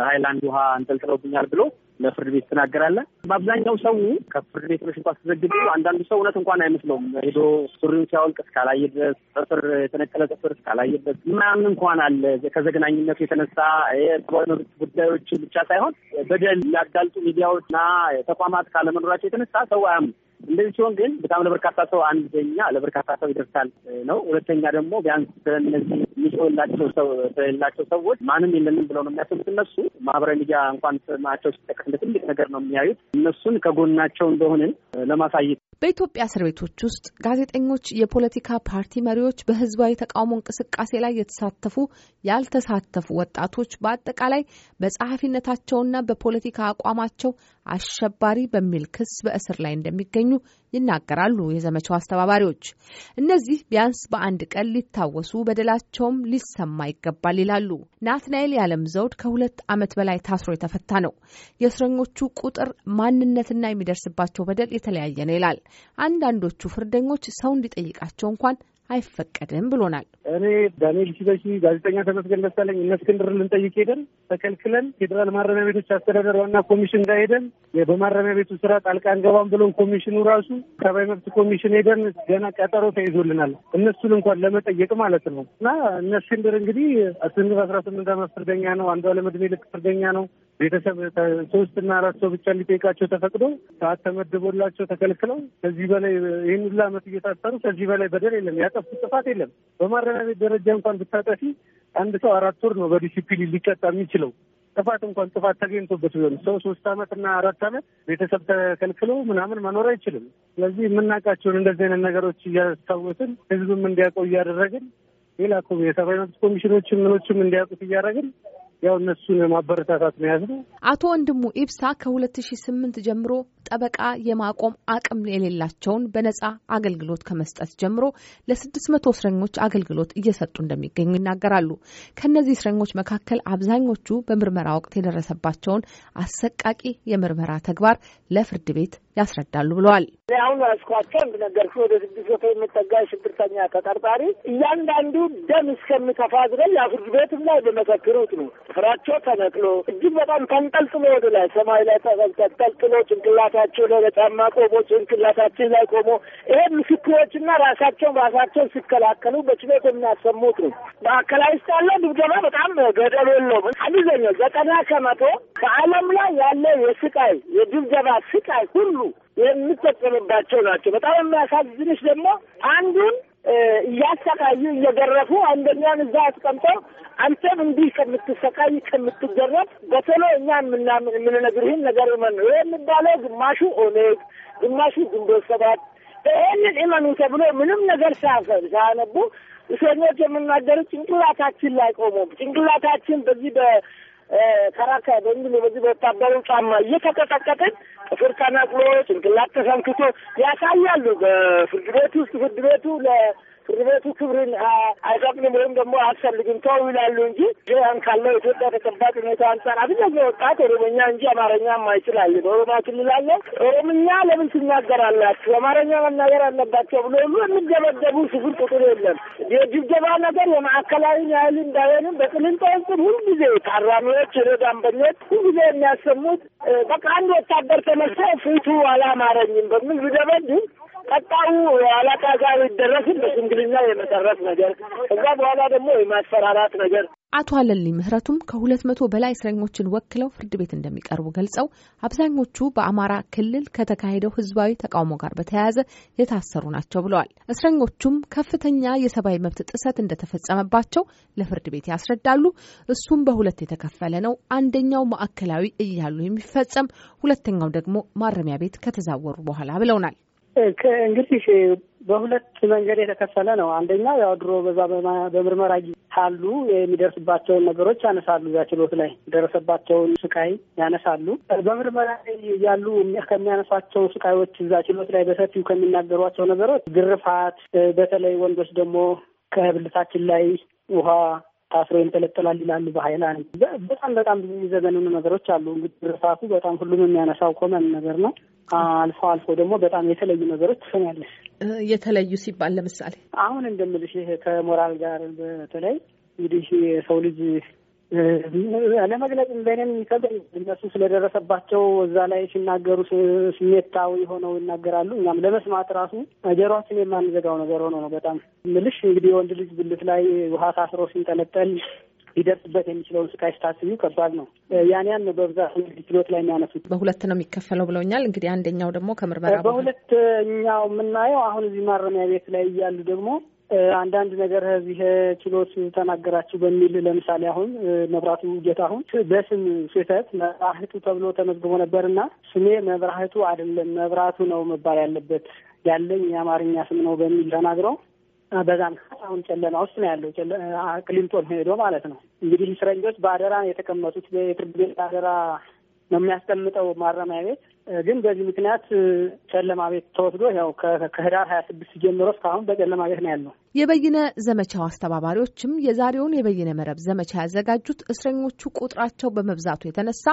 ሃይላንድ ውሃ እንጠልጥለውብኛል ብሎ ለፍርድ ቤት ትናገራለህ። በአብዛኛው ሰው ከፍርድ ቤት በሽንኳ ስትዘግብ አንዳንዱ ሰው እውነት እንኳን አይመስለውም። ሄዶ ሱሪውን ሲያወልቅ እስካላየ ድረስ ጥፍር የተነቀለ ጥፍር እስካላየ ድረስ ምናምን እንኳን አለ። ከዘግናኝነቱ የተነሳ የሰብአዊ ጉዳዮች ብቻ ሳይሆን በደል ያጋልጡ ሚዲያዎችና ተቋማት ካለመኖራቸው የተነሳ ሰው አያምኑም። እንደዚህ ሲሆን ግን በጣም ለበርካታ ሰው አንደኛ ለበርካታ ሰው ይደርሳል ነው። ሁለተኛ ደግሞ ቢያንስ ስለነዚህ የሚጮህላቸው ሰው ስለሌላቸው ሰዎች ማንም የለንም ብለው ነው የሚያስቡት። እነሱ ማህበራዊ ሚዲያ እንኳን ስማቸው ሲጠቀስ እንደ ትልቅ ነገር ነው የሚያዩት። እነሱን ከጎናቸው እንደሆንን ለማሳየት በኢትዮጵያ እስር ቤቶች ውስጥ ጋዜጠኞች፣ የፖለቲካ ፓርቲ መሪዎች፣ በህዝባዊ ተቃውሞ እንቅስቃሴ ላይ የተሳተፉ ያልተሳተፉ ወጣቶች በአጠቃላይ በጸሐፊነታቸውና በፖለቲካ አቋማቸው አሸባሪ በሚል ክስ በእስር ላይ እንደሚገኙ ይናገራሉ የዘመቻው አስተባባሪዎች። እነዚህ ቢያንስ በአንድ ቀን ሊታወሱ በደላቸውም ሊሰማ ይገባል ይላሉ። ናትናኤል የዓለም ዘውድ ከሁለት ዓመት በላይ ታስሮ የተፈታ ነው። የእስረኞቹ ቁጥር፣ ማንነትና የሚደርስባቸው በደል የተለያየ ነው ይላል። አንዳንዶቹ ፍርደኞች ሰው እንዲጠይቃቸው እንኳን አይፈቀድም ብሎናል። እኔ ዳንኤል ሺበሺ፣ ጋዜጠኛ ተመስገን ደሳለኝ እነ እስክንድር ልንጠይቅ ሄደን ተከልክለን ፌዴራል ማረሚያ ቤቶች አስተዳደር ዋና ኮሚሽን ጋር ሄደን በማረሚያ ቤቱ ስራ ጣልቃ አንገባም ብሎን ኮሚሽኑ ራሱ ሰብአዊ መብት ኮሚሽን ሄደን ገና ቀጠሮ ተይዞልናል እነሱን እንኳን ለመጠየቅ ማለት ነው እና እነ እስክንድር እንግዲህ እስክንድር አስራ ስምንት ዓመት ፍርደኛ ነው። አንዷለም ዕድሜ ልክ ፍርደኛ ነው። ቤተሰብ ሶስትና አራት ሰው ብቻ ሊጠይቃቸው ተፈቅዶ ሰዓት ተመድቦላቸው ተከልክለው ከዚህ በላይ ይህን ሁሉ ዓመት እየታሰሩ ከዚህ በላይ በደል የለም፣ ያጠፉት ጥፋት የለም። በማረሚያ ቤት ደረጃ እንኳን ብታጠፊ አንድ ሰው አራት ወር ነው በዲሲፕሊን ሊቀጣ የሚችለው። ጥፋት እንኳን ጥፋት ተገኝቶበት ቢሆን ሰው ሶስት አመት እና አራት ዓመት ቤተሰብ ተከልክሎ ምናምን መኖር አይችልም። ስለዚህ የምናውቃቸውን እንደዚህ አይነት ነገሮች እያስታወስን ህዝብም እንዲያውቀው እያደረግን ሌላ የሰብአዊ መብት ኮሚሽኖችም ምኖችም እንዲያውቁት እያደረግን ያው እነሱን ማበረታታት ነው አቶ ወንድሙ ኢብሳ ከ208 ጀምሮ ጠበቃ የማቆም አቅም የሌላቸውን በነጻ አገልግሎት ከመስጠት ጀምሮ ለ600 እስረኞች አገልግሎት እየሰጡ እንደሚገኙ ይናገራሉ። ከእነዚህ እስረኞች መካከል አብዛኞቹ በምርመራ ወቅት የደረሰባቸውን አሰቃቂ የምርመራ ተግባር ለፍርድ ቤት ያስረዳሉ ብለዋል። አሁን ያስኳቸው እንደነገርኩ ወደ ስድስት መቶ የሚጠጋ ሽብርተኛ ተጠርጣሪ እያንዳንዱ ደም እስከሚተፋ ድረስ የፍርድ ቤትም ላይ በመሰክሩት ነው። ጥፍራቸው ተነቅሎ እጅግ በጣም ተንጠልጥሎ ወደ ላይ ሰማይ ላይ ተንጠልጥሎ ጭንቅላታቸው ላይ በጫማ ቆሞ ጭንቅላታችን ላይ ቆሞ ይሄ ምስክሮችና ራሳቸውን ራሳቸውን ሲከላከሉ በችሎት የሚያሰሙት ነው። ማዕከላዊ ውስጥ ያለው ድብደባ በጣም ገደሉ የለውም። አብዛኛው ዘጠና ከመቶ በዓለም ላይ ያለ የስቃይ የድብደባ ስቃይ ሁሉ ሁሉ የሚጠቀምባቸው ናቸው። በጣም የሚያሳዝንሽ ደግሞ አንዱን እያሰቃዩ እየገረፉ አንደኛውን እዛ አስቀምጠው አንተም እንዲህ ከምትሰቃይ ከምትገረፍ በቶሎ እኛ የምንነግርህን ነገር እመን ነው የሚባለው። ግማሹ ኦነግ፣ ግማሹ ግንቦት ሰባት ይህንን እመኑ ተብሎ ምንም ነገር ሳያነቡ እስረኞች የምናገሩ ጭንቅላታችን ላይ ቆሞ ጭንቅላታችን በዚህ ከራካ በሚል በዚህ በወታደሩ ጫማ እየተቀጠቀጥን ጥፍር ተነቅሎ ጭንቅላት ተሰንክቶ ያሳያሉ። በፍርድ ቤት ውስጥ ፍርድ ቤቱ ለ ርበቱ ክብርን አይጠቅምም ወይም ደግሞ አያስፈልግም ተው ይላሉ እንጂ ያን ካለው ኢትዮጵያ ተጨባጭ ሁኔታ አንጻር አብዛኛው ወጣት ኦሮሞኛ እንጂ አማርኛ ማይችላለን ኦሮማ ክልል አለ። ኦሮምኛ ለምን ትናገራላችሁ? አማርኛ መናገር አለባቸው ብሎ ሁሉ የሚደበደቡ ስፍር ቁጥር የለም። የድብደባ ነገር የማዕከላዊ ያህል እንዳይሆንም በቅልንጦ እንትን ሁልጊዜ ታራሚዎች፣ ደንበኞች ሁልጊዜ የሚያሰሙት በቃ አንድ ወታደር ተነሳ ፊቱ አላማረኝም በሚል ቢደበድብ ቀጣዩ የኋላ ካሳብ ይደረስን በሽምግልና የመሰረት ነገር ከዛ በኋላ ደግሞ የማስፈራራት ነገር። አቶ አለልኝ ምህረቱም ከሁለት መቶ በላይ እስረኞችን ወክለው ፍርድ ቤት እንደሚቀርቡ ገልጸው አብዛኞቹ በአማራ ክልል ከተካሄደው ህዝባዊ ተቃውሞ ጋር በተያያዘ የታሰሩ ናቸው ብለዋል። እስረኞቹም ከፍተኛ የሰብአዊ መብት ጥሰት እንደተፈጸመባቸው ለፍርድ ቤት ያስረዳሉ። እሱም በሁለት የተከፈለ ነው። አንደኛው ማዕከላዊ እያሉ የሚፈጸም ሁለተኛው ደግሞ ማረሚያ ቤት ከተዛወሩ በኋላ ብለውናል። እንግዲህ በሁለት መንገድ የተከፈለ ነው። አንደኛው ያው ድሮ በዛ በምርመራ ካሉ የሚደርስባቸውን ነገሮች ያነሳሉ። እዛ ችሎት ላይ የደረሰባቸውን ስቃይ ያነሳሉ። በምርመራ ላይ ያሉ ከሚያነሷቸው ስቃዮች እዛ ችሎት ላይ በሰፊው ከሚናገሯቸው ነገሮች ግርፋት፣ በተለይ ወንዶች ደግሞ ከብልታችን ላይ ውሃ ታስሮ ይንጠለጠላል ይላሉ በሀይላንድ በጣም በጣም ብዙ የሚዘገንኑ ነገሮች አሉ። እንግዲህ ድርሳቱ በጣም ሁሉም የሚያነሳው ኮመን ነገር ነው። አልፎ አልፎ ደግሞ በጣም የተለዩ ነገሮች ትሰሚያለሽ። የተለዩ ሲባል ለምሳሌ አሁን እንደምልሽ ከሞራል ጋር በተለይ እንግዲህ የሰው ልጅ ለመግለጽ በእኔም የሚከብደኝ እነሱ ስለደረሰባቸው እዛ ላይ ሲናገሩ ስሜታዊ ሆነው ይናገራሉ። እኛም ለመስማት ራሱ ጀሯችን የማንዘጋው ነገር ሆኖ ነው። በጣም ምልሽ እንግዲህ የወንድ ልጅ ብልት ላይ ውሃ ታስሮ ሲንጠለጠል ሊደርስበት የሚችለውን ስቃይ ስታስዩ ከባድ ነው። ያን ያን ነው በብዛት እንግዲህ ችሎት ላይ የሚያነሱት። በሁለት ነው የሚከፈለው ብለውኛል። እንግዲህ አንደኛው ደግሞ ከምርመራ በሁለተኛው የምናየው አሁን እዚህ ማረሚያ ቤት ላይ እያሉ ደግሞ አንዳንድ ነገር እዚህ ችሎት ተናገራችሁ በሚል ለምሳሌ አሁን መብራቱ አሁን በስም ስህተት መብራህቱ ተብሎ ተመዝግቦ ነበር እና ስሜ መብራህቱ አይደለም መብራቱ ነው መባል ያለበት ያለኝ የአማርኛ ስም ነው በሚል ተናግረው በዛም አሁን ጨለማ ውስጥ ነው ያለው። ቅሊንጦን ሄዶ ማለት ነው እንግዲህ እስረኞች በአደራ የተቀመጡት የፍርድ ቤት አደራ ነው የሚያስቀምጠው ማረሚያ ቤት ግን በዚህ ምክንያት ጨለማ ቤት ተወስዶ ያው ከህዳር ሀያ ስድስት ጀምሮ እስካሁን በጨለማ ቤት ነው ያለው። የበይነ ዘመቻው አስተባባሪዎችም የዛሬውን የበይነ መረብ ዘመቻ ያዘጋጁት እስረኞቹ ቁጥራቸው በመብዛቱ የተነሳ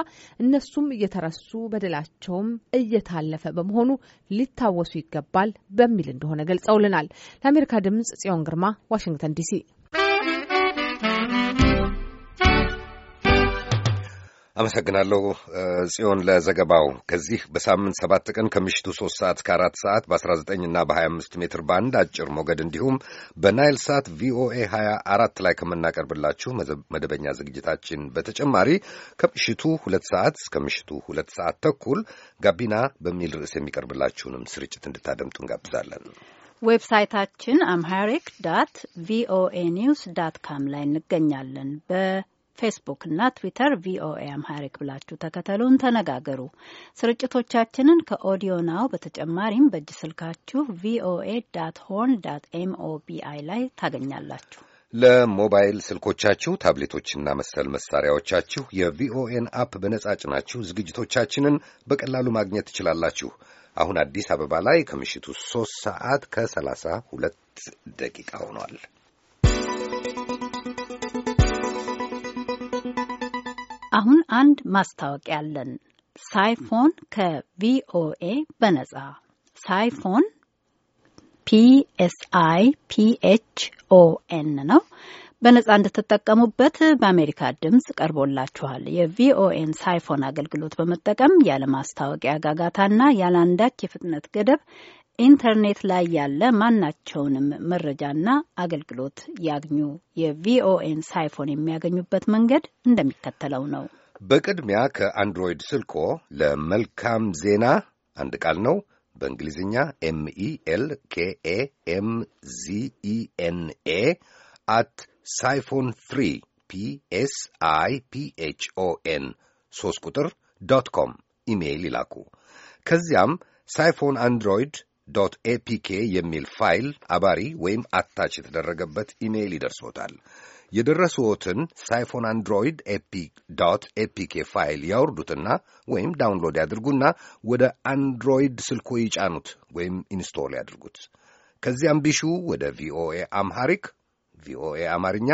እነሱም እየተረሱ በደላቸውም እየታለፈ በመሆኑ ሊታወሱ ይገባል በሚል እንደሆነ ገልጸውልናል። ለአሜሪካ ድምጽ ጽዮን ግርማ ዋሽንግተን ዲሲ አመሰግናለሁ ጽዮን ለዘገባው። ከዚህ በሳምንት ሰባት ቀን ከምሽቱ ሶስት ሰዓት ከአራት ሰዓት በ19 እና በ25 ሜትር ባንድ አጭር ሞገድ እንዲሁም በናይል ሳት ቪኦኤ 24 ላይ ከምናቀርብላችሁ መደበኛ ዝግጅታችን በተጨማሪ ከምሽቱ ሁለት ሰዓት እስከ ምሽቱ ሁለት ሰዓት ተኩል ጋቢና በሚል ርዕስ የሚቀርብላችሁንም ስርጭት እንድታደምጡ እንጋብዛለን። ዌብሳይታችን አምሃሪክ ዳት ቪኦኤ ኒውስ ዳት ካም ላይ እንገኛለን ፌስቡክ እና ትዊተር ቪኦኤ አምሃሪክ ብላችሁ ተከተሉን፣ ተነጋገሩ። ስርጭቶቻችንን ከኦዲዮ ናው በተጨማሪም በእጅ ስልካችሁ ቪኦኤ ዳት ሆን ዳት ኤምኦቢአይ ላይ ታገኛላችሁ። ለሞባይል ስልኮቻችሁ ታብሌቶችና መሰል መሳሪያዎቻችሁ የቪኦኤን አፕ በነጻ ጭናችሁ ዝግጅቶቻችንን በቀላሉ ማግኘት ትችላላችሁ። አሁን አዲስ አበባ ላይ ከምሽቱ ሶስት ሰዓት ከሰላሳ ሁለት ደቂቃ ሆኗል። አሁን አንድ ማስታወቂያ አለን። ሳይፎን ከቪኦኤ በነጻ ሳይፎን ፒኤስአይ ፒኤች ኦኤን ነው። በነጻ እንድትጠቀሙበት በአሜሪካ ድምፅ ቀርቦላችኋል። የቪኦኤን ሳይፎን አገልግሎት በመጠቀም ያለ ማስታወቂያ ጋጋታና ያለ አንዳች የፍጥነት ገደብ ኢንተርኔት ላይ ያለ ማናቸውንም መረጃና አገልግሎት ያግኙ። የቪኦኤን ሳይፎን የሚያገኙበት መንገድ እንደሚከተለው ነው። በቅድሚያ ከአንድሮይድ ስልኮ ለመልካም ዜና አንድ ቃል ነው። በእንግሊዝኛ ኤምኢኤል ኬኤ ኤምዚኢኤንኤ አት ሳይፎን ፍሪ ፒኤስ አይ ቁጥር ዶት ኮም ኢሜይል ይላኩ። ከዚያም ሳይፎን አንድሮይድ ዶት ኤፒኬ የሚል ፋይል አባሪ ወይም አታች የተደረገበት ኢሜይል ይደርሶታል። የደረስዎትን ሳይፎን አንድሮይድ ኤፒኬ ፋይል ያወርዱትና ወይም ዳውንሎድ ያድርጉና ወደ አንድሮይድ ስልኮ ይጫኑት ወይም ኢንስቶል ያድርጉት። ከዚያም ቢሹ ወደ ቪኦኤ አምሃሪክ ቪኦኤ አማርኛ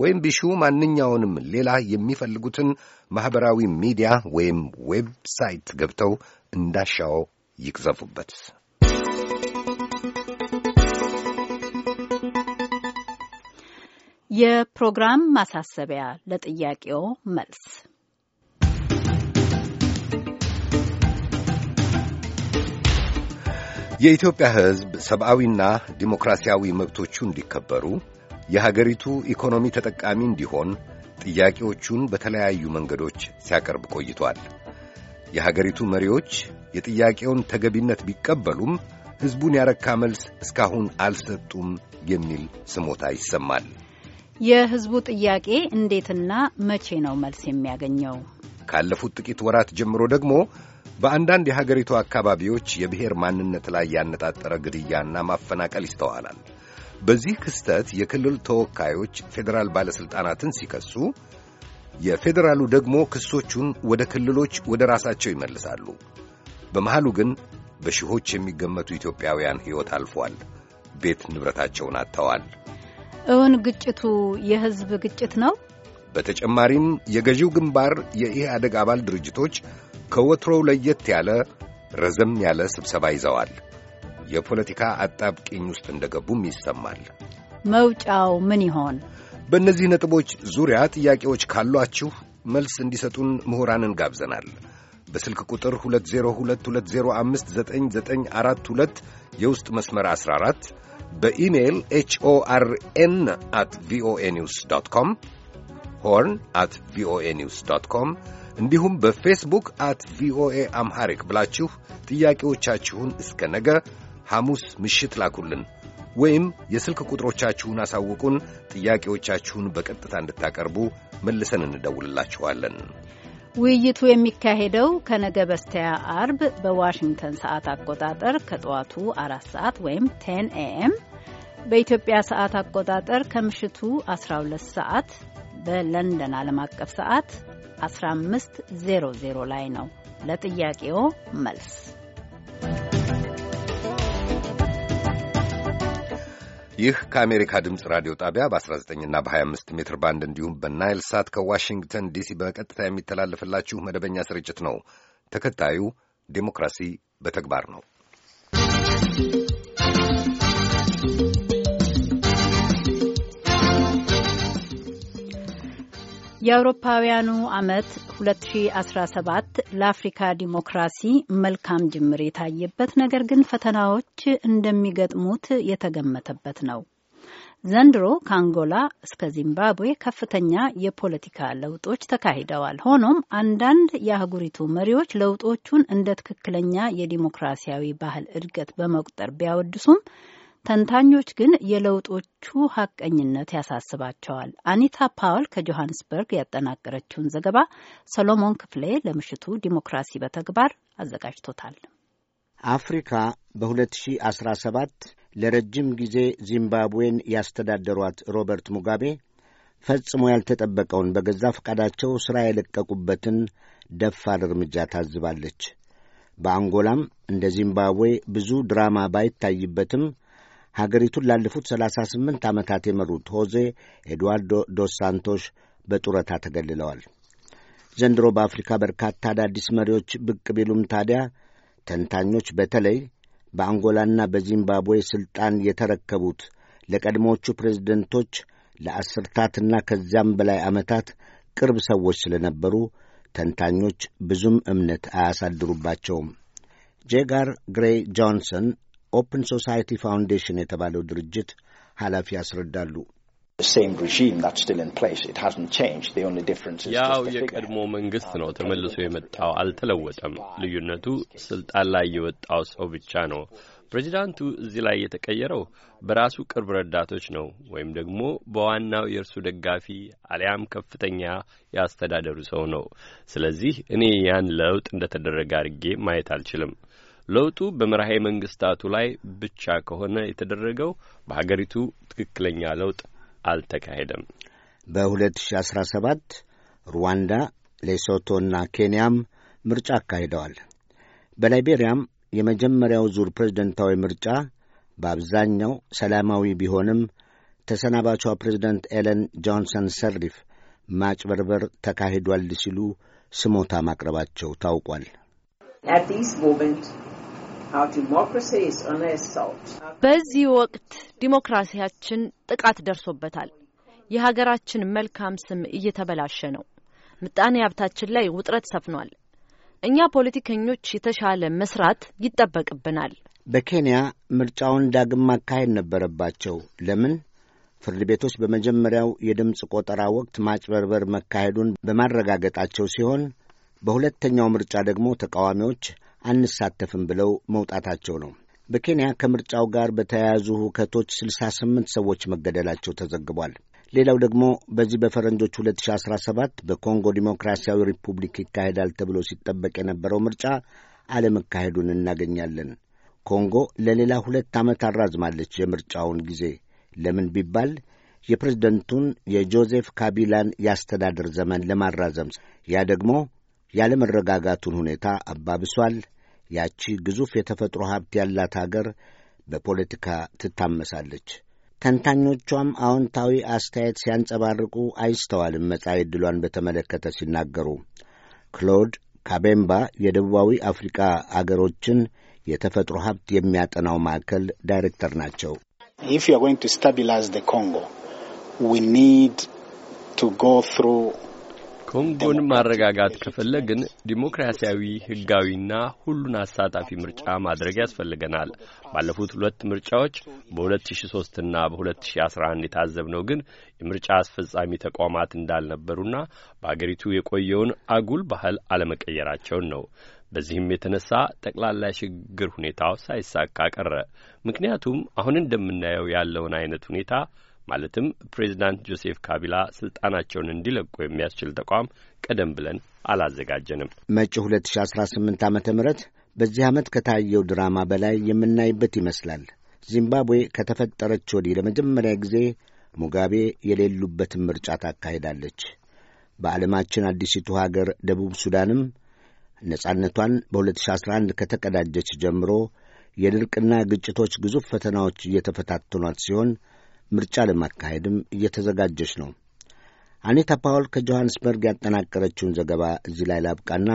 ወይም ቢሹ ማንኛውንም ሌላ የሚፈልጉትን ማኅበራዊ ሚዲያ ወይም ዌብሳይት ገብተው እንዳሻው ይቅዘፉበት። የፕሮግራም ማሳሰቢያ ለጥያቄው መልስ የኢትዮጵያ ሕዝብ ሰብአዊና ዲሞክራሲያዊ መብቶቹ እንዲከበሩ የሀገሪቱ ኢኮኖሚ ተጠቃሚ እንዲሆን ጥያቄዎቹን በተለያዩ መንገዶች ሲያቀርብ ቆይቷል። የሀገሪቱ መሪዎች የጥያቄውን ተገቢነት ቢቀበሉም ሕዝቡን ያረካ መልስ እስካሁን አልሰጡም የሚል ስሞታ ይሰማል። የህዝቡ ጥያቄ እንዴትና መቼ ነው መልስ የሚያገኘው? ካለፉት ጥቂት ወራት ጀምሮ ደግሞ በአንዳንድ የሀገሪቱ አካባቢዎች የብሔር ማንነት ላይ ያነጣጠረ ግድያና ማፈናቀል ይስተዋላል። በዚህ ክስተት የክልል ተወካዮች ፌዴራል ባለሥልጣናትን ሲከሱ፣ የፌዴራሉ ደግሞ ክሶቹን ወደ ክልሎች ወደ ራሳቸው ይመልሳሉ። በመሃሉ ግን በሺዎች የሚገመቱ ኢትዮጵያውያን ሕይወት አልፏል። ቤት ንብረታቸውን አጥተዋል። እውን ግጭቱ የህዝብ ግጭት ነው? በተጨማሪም የገዢው ግንባር የኢህአደግ አባል ድርጅቶች ከወትሮው ለየት ያለ ረዘም ያለ ስብሰባ ይዘዋል። የፖለቲካ አጣብቂኝ ውስጥ እንደገቡም ይሰማል። መውጫው ምን ይሆን? በእነዚህ ነጥቦች ዙሪያ ጥያቄዎች ካሏችሁ መልስ እንዲሰጡን ምሁራንን ጋብዘናል። በስልክ ቁጥር 2022059942 የውስጥ መስመር 14 በኢሜይል ኤን አት ቪኦኤ ኒውስ ዶት ኮም ሆርን አት ቪኦኤ ኒውስ ዶት ኮም እንዲሁም በፌስቡክ አት ቪኦኤ አምሃሪክ ብላችሁ ጥያቄዎቻችሁን እስከ ነገ ሐሙስ ምሽት ላኩልን ወይም የስልክ ቁጥሮቻችሁን አሳውቁን። ጥያቄዎቻችሁን በቀጥታ እንድታቀርቡ መልሰን እንደውልላችኋለን። ውይይቱ የሚካሄደው ከነገ በስቲያ አርብ በዋሽንግተን ሰዓት አቆጣጠር ከጠዋቱ አራት ሰዓት ወይም 10 ኤኤም በኢትዮጵያ ሰዓት አቆጣጠር ከምሽቱ 12 ሰዓት በለንደን ዓለም አቀፍ ሰዓት 1500 ላይ ነው። ለጥያቄው መልስ ይህ ከአሜሪካ ድምፅ ራዲዮ ጣቢያ በ19ና በ25 ሜትር ባንድ እንዲሁም በናይል ሳት ከዋሽንግተን ዲሲ በቀጥታ የሚተላለፍላችሁ መደበኛ ስርጭት ነው። ተከታዩ ዴሞክራሲ በተግባር ነው። የአውሮፓውያኑ ዓመት 2017 ለአፍሪካ ዲሞክራሲ መልካም ጅምር የታየበት ነገር ግን ፈተናዎች እንደሚገጥሙት የተገመተበት ነው። ዘንድሮ ከአንጎላ እስከ ዚምባብዌ ከፍተኛ የፖለቲካ ለውጦች ተካሂደዋል። ሆኖም አንዳንድ የአህጉሪቱ መሪዎች ለውጦቹን እንደ ትክክለኛ የዲሞክራሲያዊ ባህል እድገት በመቁጠር ቢያወድሱም ተንታኞች ግን የለውጦቹ ሀቀኝነት ያሳስባቸዋል። አኒታ ፓውል ከጆሃንስበርግ ያጠናቀረችውን ዘገባ ሰሎሞን ክፍሌ ለምሽቱ ዲሞክራሲ በተግባር አዘጋጅቶታል። አፍሪካ በ2017 ለረጅም ጊዜ ዚምባብዌን ያስተዳደሯት ሮበርት ሙጋቤ ፈጽሞ ያልተጠበቀውን በገዛ ፈቃዳቸው ሥራ የለቀቁበትን ደፋር እርምጃ ታዝባለች። በአንጎላም እንደ ዚምባብዌ ብዙ ድራማ ባይታይበትም ሀገሪቱን ላለፉት 38 ዓመታት የመሩት ሆዜ ኤድዋርዶ ዶስ ሳንቶሽ በጡረታ ተገልለዋል። ዘንድሮ በአፍሪካ በርካታ አዳዲስ መሪዎች ብቅ ቢሉም ታዲያ ተንታኞች በተለይ በአንጎላና በዚምባብዌ ሥልጣን የተረከቡት ለቀድሞዎቹ ፕሬዝደንቶች ለአስርታትና ከዚያም በላይ ዓመታት ቅርብ ሰዎች ስለነበሩ ተንታኞች ብዙም እምነት አያሳድሩባቸውም። ጄጋር ግሬይ ጆንሰን ኦፕን ሶሳይቲ ፋውንዴሽን የተባለው ድርጅት ኃላፊ ያስረዳሉ። ያው የቀድሞ መንግስት ነው ተመልሶ የመጣው አልተለወጠም። ልዩነቱ ስልጣን ላይ የወጣው ሰው ብቻ ነው። ፕሬዚዳንቱ እዚህ ላይ የተቀየረው በራሱ ቅርብ ረዳቶች ነው ወይም ደግሞ በዋናው የእርሱ ደጋፊ አሊያም ከፍተኛ የአስተዳደሩ ሰው ነው። ስለዚህ እኔ ያን ለውጥ እንደ ተደረገ አድርጌ ማየት አልችልም። ለውጡ በመርሃ መንግስታቱ ላይ ብቻ ከሆነ የተደረገው በሀገሪቱ ትክክለኛ ለውጥ አልተካሄደም። በ2017 ሩዋንዳ፣ ሌሶቶና ኬንያም ምርጫ አካሂደዋል። በላይቤሪያም የመጀመሪያው ዙር ፕሬዝደንታዊ ምርጫ በአብዛኛው ሰላማዊ ቢሆንም ተሰናባቿ ፕሬዝደንት ኤለን ጆንሰን ሰርሊፍ ማጭበርበር ተካሂዷል ሲሉ ስሞታ ማቅረባቸው ታውቋል። At this moment, በዚህ ወቅት ዲሞክራሲያችን ጥቃት ደርሶበታል። የሀገራችን መልካም ስም እየተበላሸ ነው። ምጣኔ ሀብታችን ላይ ውጥረት ሰፍኗል። እኛ ፖለቲከኞች የተሻለ መስራት ይጠበቅብናል። በኬንያ ምርጫውን ዳግም ማካሄድ ነበረባቸው። ለምን? ፍርድ ቤቶች በመጀመሪያው የድምፅ ቆጠራ ወቅት ማጭበርበር መካሄዱን በማረጋገጣቸው ሲሆን በሁለተኛው ምርጫ ደግሞ ተቃዋሚዎች አንሳተፍም ብለው መውጣታቸው ነው። በኬንያ ከምርጫው ጋር በተያያዙ ሁከቶች 68 ሰዎች መገደላቸው ተዘግቧል። ሌላው ደግሞ በዚህ በፈረንጆች 2017 በኮንጎ ዲሞክራሲያዊ ሪፑብሊክ ይካሄዳል ተብሎ ሲጠበቅ የነበረው ምርጫ አለመካሄዱን እናገኛለን። ኮንጎ ለሌላ ሁለት ዓመት አራዝማለች የምርጫውን ጊዜ። ለምን ቢባል የፕሬዝደንቱን የጆዜፍ ካቢላን የአስተዳደር ዘመን ለማራዘም። ያ ደግሞ ያለመረጋጋቱን ሁኔታ አባብሷል፣ ያቺ ግዙፍ የተፈጥሮ ሀብት ያላት አገር በፖለቲካ ትታመሳለች። ተንታኞቿም አዎንታዊ አስተያየት ሲያንጸባርቁ አይስተዋልም። መጻኢ ዕድሏን በተመለከተ ሲናገሩ ክሎድ ካቤምባ የደቡባዊ አፍሪካ አገሮችን የተፈጥሮ ሀብት የሚያጠናው ማዕከል ዳይሬክተር ናቸው። ኢፍ ዩ አር ጎይንግ ቱ ስታቢላይዝ ዘ ኮንጎ ዊ ኒድ ቱ ጎ ትሩ ኮንጎን ማረጋጋት ከፈለግን ዲሞክራሲያዊ ህጋዊና ሁሉን አሳታፊ ምርጫ ማድረግ ያስፈልገናል። ባለፉት ሁለት ምርጫዎች በ2003 እና በ2011 የታዘብነው ግን የምርጫ አስፈጻሚ ተቋማት እንዳልነበሩና በአገሪቱ የቆየውን አጉል ባህል አለመቀየራቸውን ነው። በዚህም የተነሳ ጠቅላላ ሽግግር ሁኔታው ሳይሳካ ቀረ። ምክንያቱም አሁን እንደምናየው ያለውን አይነት ሁኔታ ማለትም ፕሬዚዳንት ጆሴፍ ካቢላ ስልጣናቸውን እንዲለቁ የሚያስችል ተቋም ቀደም ብለን አላዘጋጀንም። መጪ 2018 ዓ ም በዚህ ዓመት ከታየው ድራማ በላይ የምናይበት ይመስላል። ዚምባብዌ ከተፈጠረች ወዲህ ለመጀመሪያ ጊዜ ሙጋቤ የሌሉበትን ምርጫ ታካሂዳለች። በዓለማችን አዲሲቱ ሀገር ደቡብ ሱዳንም ነጻነቷን በ2011 ከተቀዳጀች ጀምሮ የድርቅና ግጭቶች ግዙፍ ፈተናዎች እየተፈታተኗት ሲሆን ምርጫ ለማካሄድም እየተዘጋጀች ነው። አኔታ ፓውል ከጆሐንስበርግ ያጠናቀረችውን ዘገባ እዚህ ላይ ላብቃና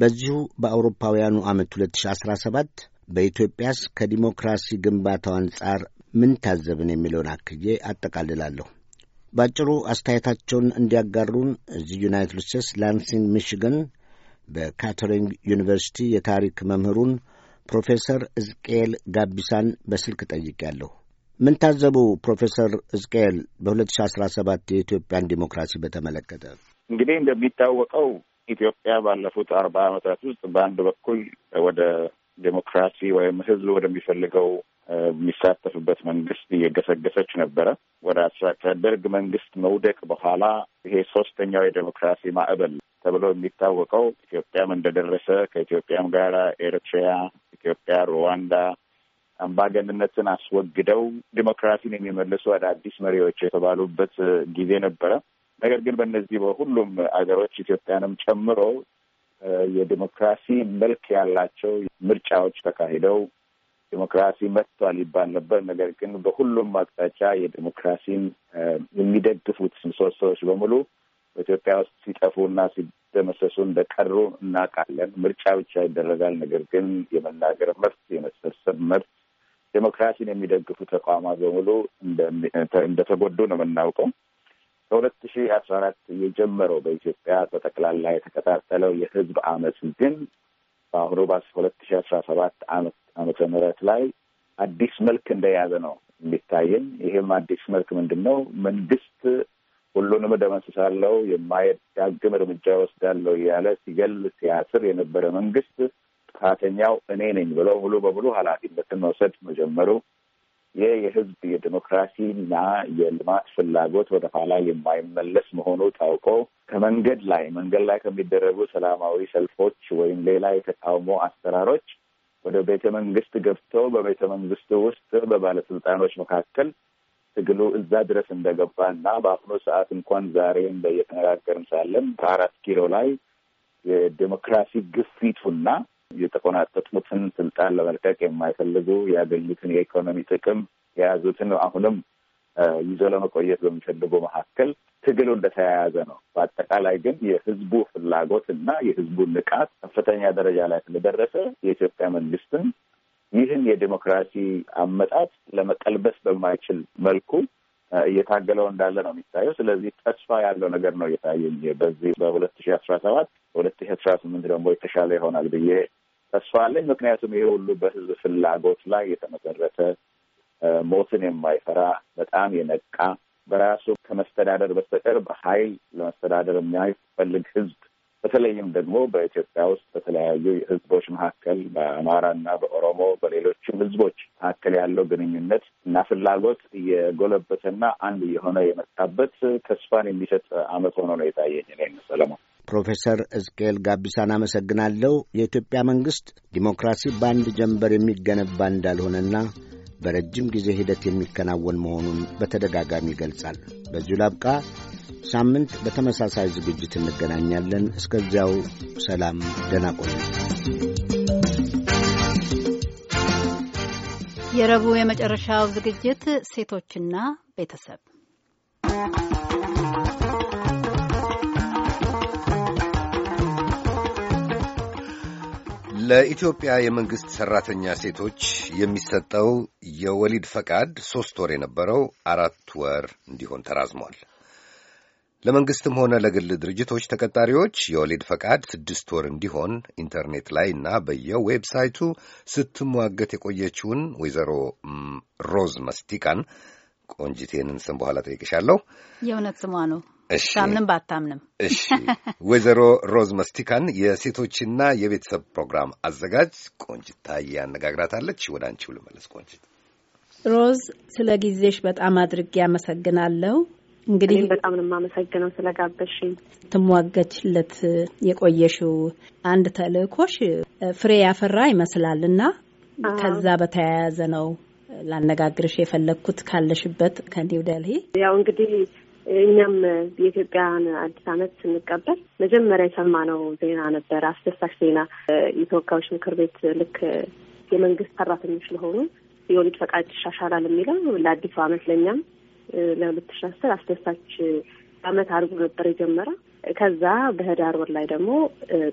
በዚሁ በአውሮፓውያኑ ዓመት 2017 በኢትዮጵያስ ከዲሞክራሲ ግንባታው አንጻር ምን ታዘብን የሚለውን አክዬ አጠቃልላለሁ። ባጭሩ አስተያየታቸውን እንዲያጋሩን እዚህ ዩናይትድ ስቴትስ ላንሲንግ ሚሽገን በካተሪንግ ዩኒቨርሲቲ የታሪክ መምህሩን ፕሮፌሰር እዝቅኤል ጋቢሳን በስልክ ጠይቄያለሁ። ምን ታዘቡ ፕሮፌሰር እዝቅኤል በ2017 የኢትዮጵያን ዲሞክራሲ በተመለከተ? እንግዲህ እንደሚታወቀው ኢትዮጵያ ባለፉት አርባ ዓመታት ውስጥ በአንድ በኩል ወደ ዴሞክራሲ ወይም ህዝብ ወደሚፈልገው የሚሳተፍበት መንግስት እየገሰገሰች ነበረ። ወደ ከደርግ መንግስት መውደቅ በኋላ ይሄ ሶስተኛው የዴሞክራሲ ማዕበል ተብሎ የሚታወቀው ኢትዮጵያም እንደደረሰ ከኢትዮጵያም ጋር ኤርትራ፣ ኢትዮጵያ፣ ሩዋንዳ አምባገንነትን አስወግደው ዲሞክራሲን የሚመልሱ አዳዲስ መሪዎች የተባሉበት ጊዜ ነበረ። ነገር ግን በእነዚህ በሁሉም አገሮች ኢትዮጵያንም ጨምሮ የዲሞክራሲ መልክ ያላቸው ምርጫዎች ተካሂደው ዲሞክራሲ መጥቷል ይባል ነበር። ነገር ግን በሁሉም አቅጣጫ የዲሞክራሲን የሚደግፉት ምሰሶዎች በሙሉ በኢትዮጵያ ውስጥ ሲጠፉና ሲደመሰሱ እንደቀሩ እናውቃለን። ምርጫ ብቻ ይደረጋል፣ ነገር ግን የመናገር መብት፣ የመሰብሰብ መብት፣ ዴሞክራሲን የሚደግፉ ተቋማት በሙሉ እንደተጎዱ ነው የምናውቀው። ከሁለት ሺ አስራ አራት የጀመረው በኢትዮጵያ በጠቅላላ የተቀጣጠለው የህዝብ አመፅ ግን በአሁኑ ሁለት ሺ አስራ ሰባት አመት አመተ ምህረት ላይ አዲስ መልክ እንደያዘ ነው የሚታየኝ ይህም አዲስ መልክ ምንድን ነው? መንግስት ሁሉንም ደመስሳለው፣ የማይዳግም እርምጃ ወስዳለው እያለ ሲገል ሲያስር የነበረ መንግስት ጥፋተኛው እኔ ነኝ ብለው ሙሉ በሙሉ ኃላፊነትን መውሰድ መጀመሩ ይህ የህዝብ የዲሞክራሲና የልማት ፍላጎት ወደ ኋላ የማይመለስ መሆኑ ታውቆ ከመንገድ ላይ መንገድ ላይ ከሚደረጉ ሰላማዊ ሰልፎች ወይም ሌላ የተቃውሞ አሰራሮች ወደ ቤተ መንግስት ገብቶ በቤተ መንግስቱ ውስጥ በባለስልጣኖች መካከል ትግሉ እዛ ድረስ እንደገባ እና በአሁኑ ሰዓት እንኳን ዛሬ በየተነጋገርን ሳለን ከአራት ኪሎ ላይ የዲሞክራሲ ግፊቱና የተቆናጠጡትን ስልጣን ለመልቀቅ የማይፈልጉ ያገኙትን የኢኮኖሚ ጥቅም የያዙትን አሁንም ይዞ ለመቆየት በሚፈልጉ መካከል ትግሉ እንደተያያዘ ነው። በአጠቃላይ ግን የህዝቡ ፍላጎት እና የህዝቡ ንቃት ከፍተኛ ደረጃ ላይ ስለደረሰ የኢትዮጵያ መንግስትም ይህን የዲሞክራሲ አመጣት ለመቀልበስ በማይችል መልኩ እየታገለው እንዳለ ነው የሚታየው። ስለዚህ ተስፋ ያለው ነገር ነው እየታየኝ በዚህ በሁለት ሺ አስራ ሰባት ሁለት ሺ አስራ ስምንት ደግሞ የተሻለ ይሆናል ብዬ ተስፋ አለኝ። ምክንያቱም ይሄ ሁሉ በህዝብ ፍላጎት ላይ የተመሰረተ ሞትን የማይፈራ በጣም የነቃ በራሱ ከመስተዳደር በስተቀር በኃይል ለመስተዳደር የማይፈልግ ህዝብ በተለይም ደግሞ በኢትዮጵያ ውስጥ በተለያዩ ህዝቦች መካከል በአማራና በኦሮሞ በሌሎችም ህዝቦች መካከል ያለው ግንኙነት እና ፍላጎት እየጎለበተና አንድ የሆነ የመጣበት ተስፋን የሚሰጥ አመት ሆኖ ነው የታየኝ ነ ሰለሞን። ፕሮፌሰር እዝቅኤል ጋቢሳን አመሰግናለሁ። የኢትዮጵያ መንግስት ዲሞክራሲ በአንድ ጀንበር የሚገነባ እንዳልሆነና በረጅም ጊዜ ሂደት የሚከናወን መሆኑን በተደጋጋሚ ይገልጻል። በዚሁ ላብቃ። ሳምንት በተመሳሳይ ዝግጅት እንገናኛለን። እስከዚያው ሰላም፣ ደህና ቆዩ። የረቡዕ የመጨረሻው ዝግጅት ሴቶችና ቤተሰብ ለኢትዮጵያ የመንግሥት ሠራተኛ ሴቶች የሚሰጠው የወሊድ ፈቃድ ሦስት ወር የነበረው አራት ወር እንዲሆን ተራዝሟል። ለመንግሥትም ሆነ ለግል ድርጅቶች ተቀጣሪዎች የወሊድ ፈቃድ ስድስት ወር እንዲሆን ኢንተርኔት ላይ እና በየዌብሳይቱ ስትሟገት የቆየችውን ወይዘሮ ሮዝ መስቲካን ቆንጂቴንን ስም በኋላ ጠይቅሻለሁ። የእውነት ስሟ ነው። ታምንም ባታምንም እሺ። ወይዘሮ ሮዝ መስቲካን የሴቶችና የቤተሰብ ፕሮግራም አዘጋጅ ቆንጅታ እያነጋግራታለች። ወደ አንቺው ልመለስ ቆንጅት። ሮዝ ስለ ጊዜሽ በጣም አድርጌ አመሰግናለሁ። እንግዲህ በጣም ነው የማመሰግነው ትሟገችለት የቆየሽው አንድ ተልእኮሽ ፍሬ ያፈራ ይመስላል እና ከዛ በተያያዘ ነው ላነጋግርሽ የፈለግኩት ካለሽበት ከኒው ደልሂ። ያው እንግዲህ እኛም የኢትዮጵያን አዲስ ዓመት ስንቀበል መጀመሪያ የሰማነው ዜና ነበር፣ አስደሳች ዜና የተወካዮች ምክር ቤት ልክ የመንግስት ሰራተኞች ለሆኑ የወሊድ ፈቃድ ይሻሻላል የሚለው ለአዲሱ ዓመት ለእኛም ለሁለት ሺ አስር አስደሳች አመት አድርጎ ነበር የጀመረ። ከዛ በህዳር ወር ላይ ደግሞ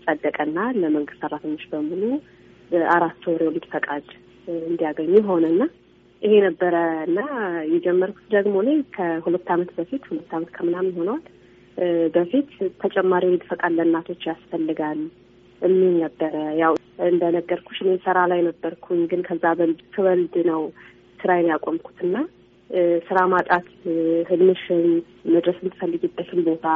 ጸደቀና ለመንግስት ሰራተኞች በሙሉ አራት ወር የወሊድ ፈቃድ እንዲያገኙ ሆነና ይሄ ነበረ እና የጀመርኩት ደግሞ እኔ ከሁለት አመት በፊት ሁለት አመት ከምናምን ሆነዋል በፊት ተጨማሪ የወሊድ ፈቃድ ለእናቶች ያስፈልጋል የሚል ነበረ። ያው እንደነገርኩሽ እኔ ስራ ላይ ነበርኩኝ፣ ግን ከዛ በልድ ስወልድ ነው ስራዬን ያቆምኩትና ስራ ማጣት ህልምሽን መድረስ የምትፈልጊበትን ቦታ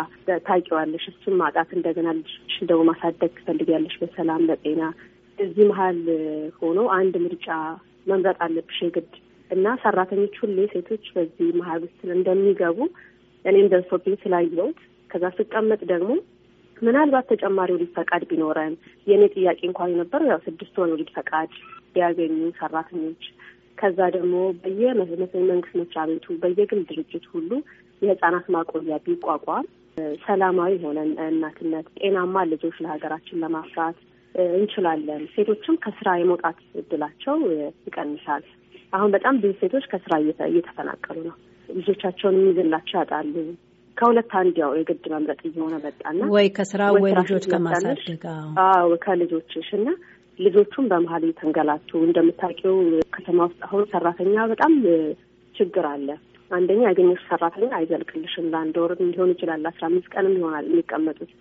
ታውቂዋለሽ። እሱን ማጣት እንደገና ልጅሽን ደግሞ ማሳደግ ትፈልጊያለሽ በሰላም በጤና። እዚህ መሀል ሆኖ አንድ ምርጫ መምረጥ አለብሽ የግድ እና ሰራተኞች ሁሌ ሴቶች በዚህ መሀል ውስጥ እንደሚገቡ እኔም ደርሶብኝ ስላየሁት ከዛ ስቀመጥ ደግሞ ምናልባት ተጨማሪ ወሊድ ፈቃድ ቢኖረን የእኔ ጥያቄ እንኳን የነበረው ያው ስድስት ወር ወሊድ ፈቃድ ቢያገኙ ሰራተኞች ከዛ ደግሞ በየመሰል መንግስት መስሪያ ቤቱ በየግል ድርጅት ሁሉ የህጻናት ማቆያ ቢቋቋም ሰላማዊ የሆነ እናትነት፣ ጤናማ ልጆች ለሀገራችን ለማፍራት እንችላለን። ሴቶችም ከስራ የመውጣት እድላቸው ይቀንሳል። አሁን በጣም ብዙ ሴቶች ከስራ እየተፈናቀሉ ነው። ልጆቻቸውን የሚዝላቸው ያጣሉ። ከሁለት አንድ ያው የግድ መምረጥ እየሆነ መጣና ወይ ከስራ ወይ ልጆች ከማሳደግ ከልጆችሽ እና ልጆቹም በመሀል እየተንገላቱ እንደምታውቂው ከተማ ውስጥ አሁን ሰራተኛ በጣም ችግር አለ። አንደኛ ያገኘሽ ሰራተኛ አይዘልቅልሽም። ለአንድ ወር ሊሆን ይችላል አስራ አምስት ቀንም ይሆናል የሚቀመጡት።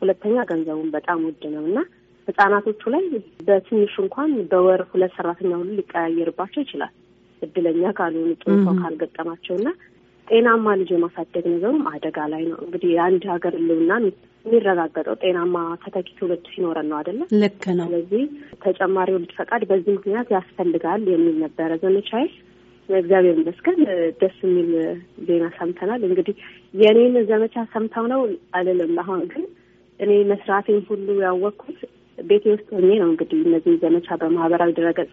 ሁለተኛ ገንዘቡን በጣም ውድ ነው እና ህጻናቶቹ ላይ በትንሹ እንኳን በወር ሁለት ሰራተኛ ሁሉ ሊቀያየርባቸው ይችላል እድለኛ ካልሆኑ ጥሩ ሰው ካልገጠማቸው እና ጤናማ ልጅ የማሳደግ ነገሩም አደጋ ላይ ነው። እንግዲህ የአንድ ሀገር ልብና የሚረጋገጠው ጤናማ ተተኪ ትውልድ ሲኖረን ነው አይደለም? ልክ ነው። ስለዚህ ተጨማሪ ወሊድ ፈቃድ በዚህ ምክንያት ያስፈልጋል የሚል ነበረ ዘመቻዬ። እግዚአብሔር ይመስገን ደስ የሚል ዜና ሰምተናል። እንግዲህ የእኔን ዘመቻ ሰምተው ነው አልልም። አሁን ግን እኔ መስራቴን ሁሉ ያወቅኩት ቤቴ ውስጥ ሆኜ ነው። እንግዲህ እነዚህ ዘመቻ በማህበራዊ ድረገጽ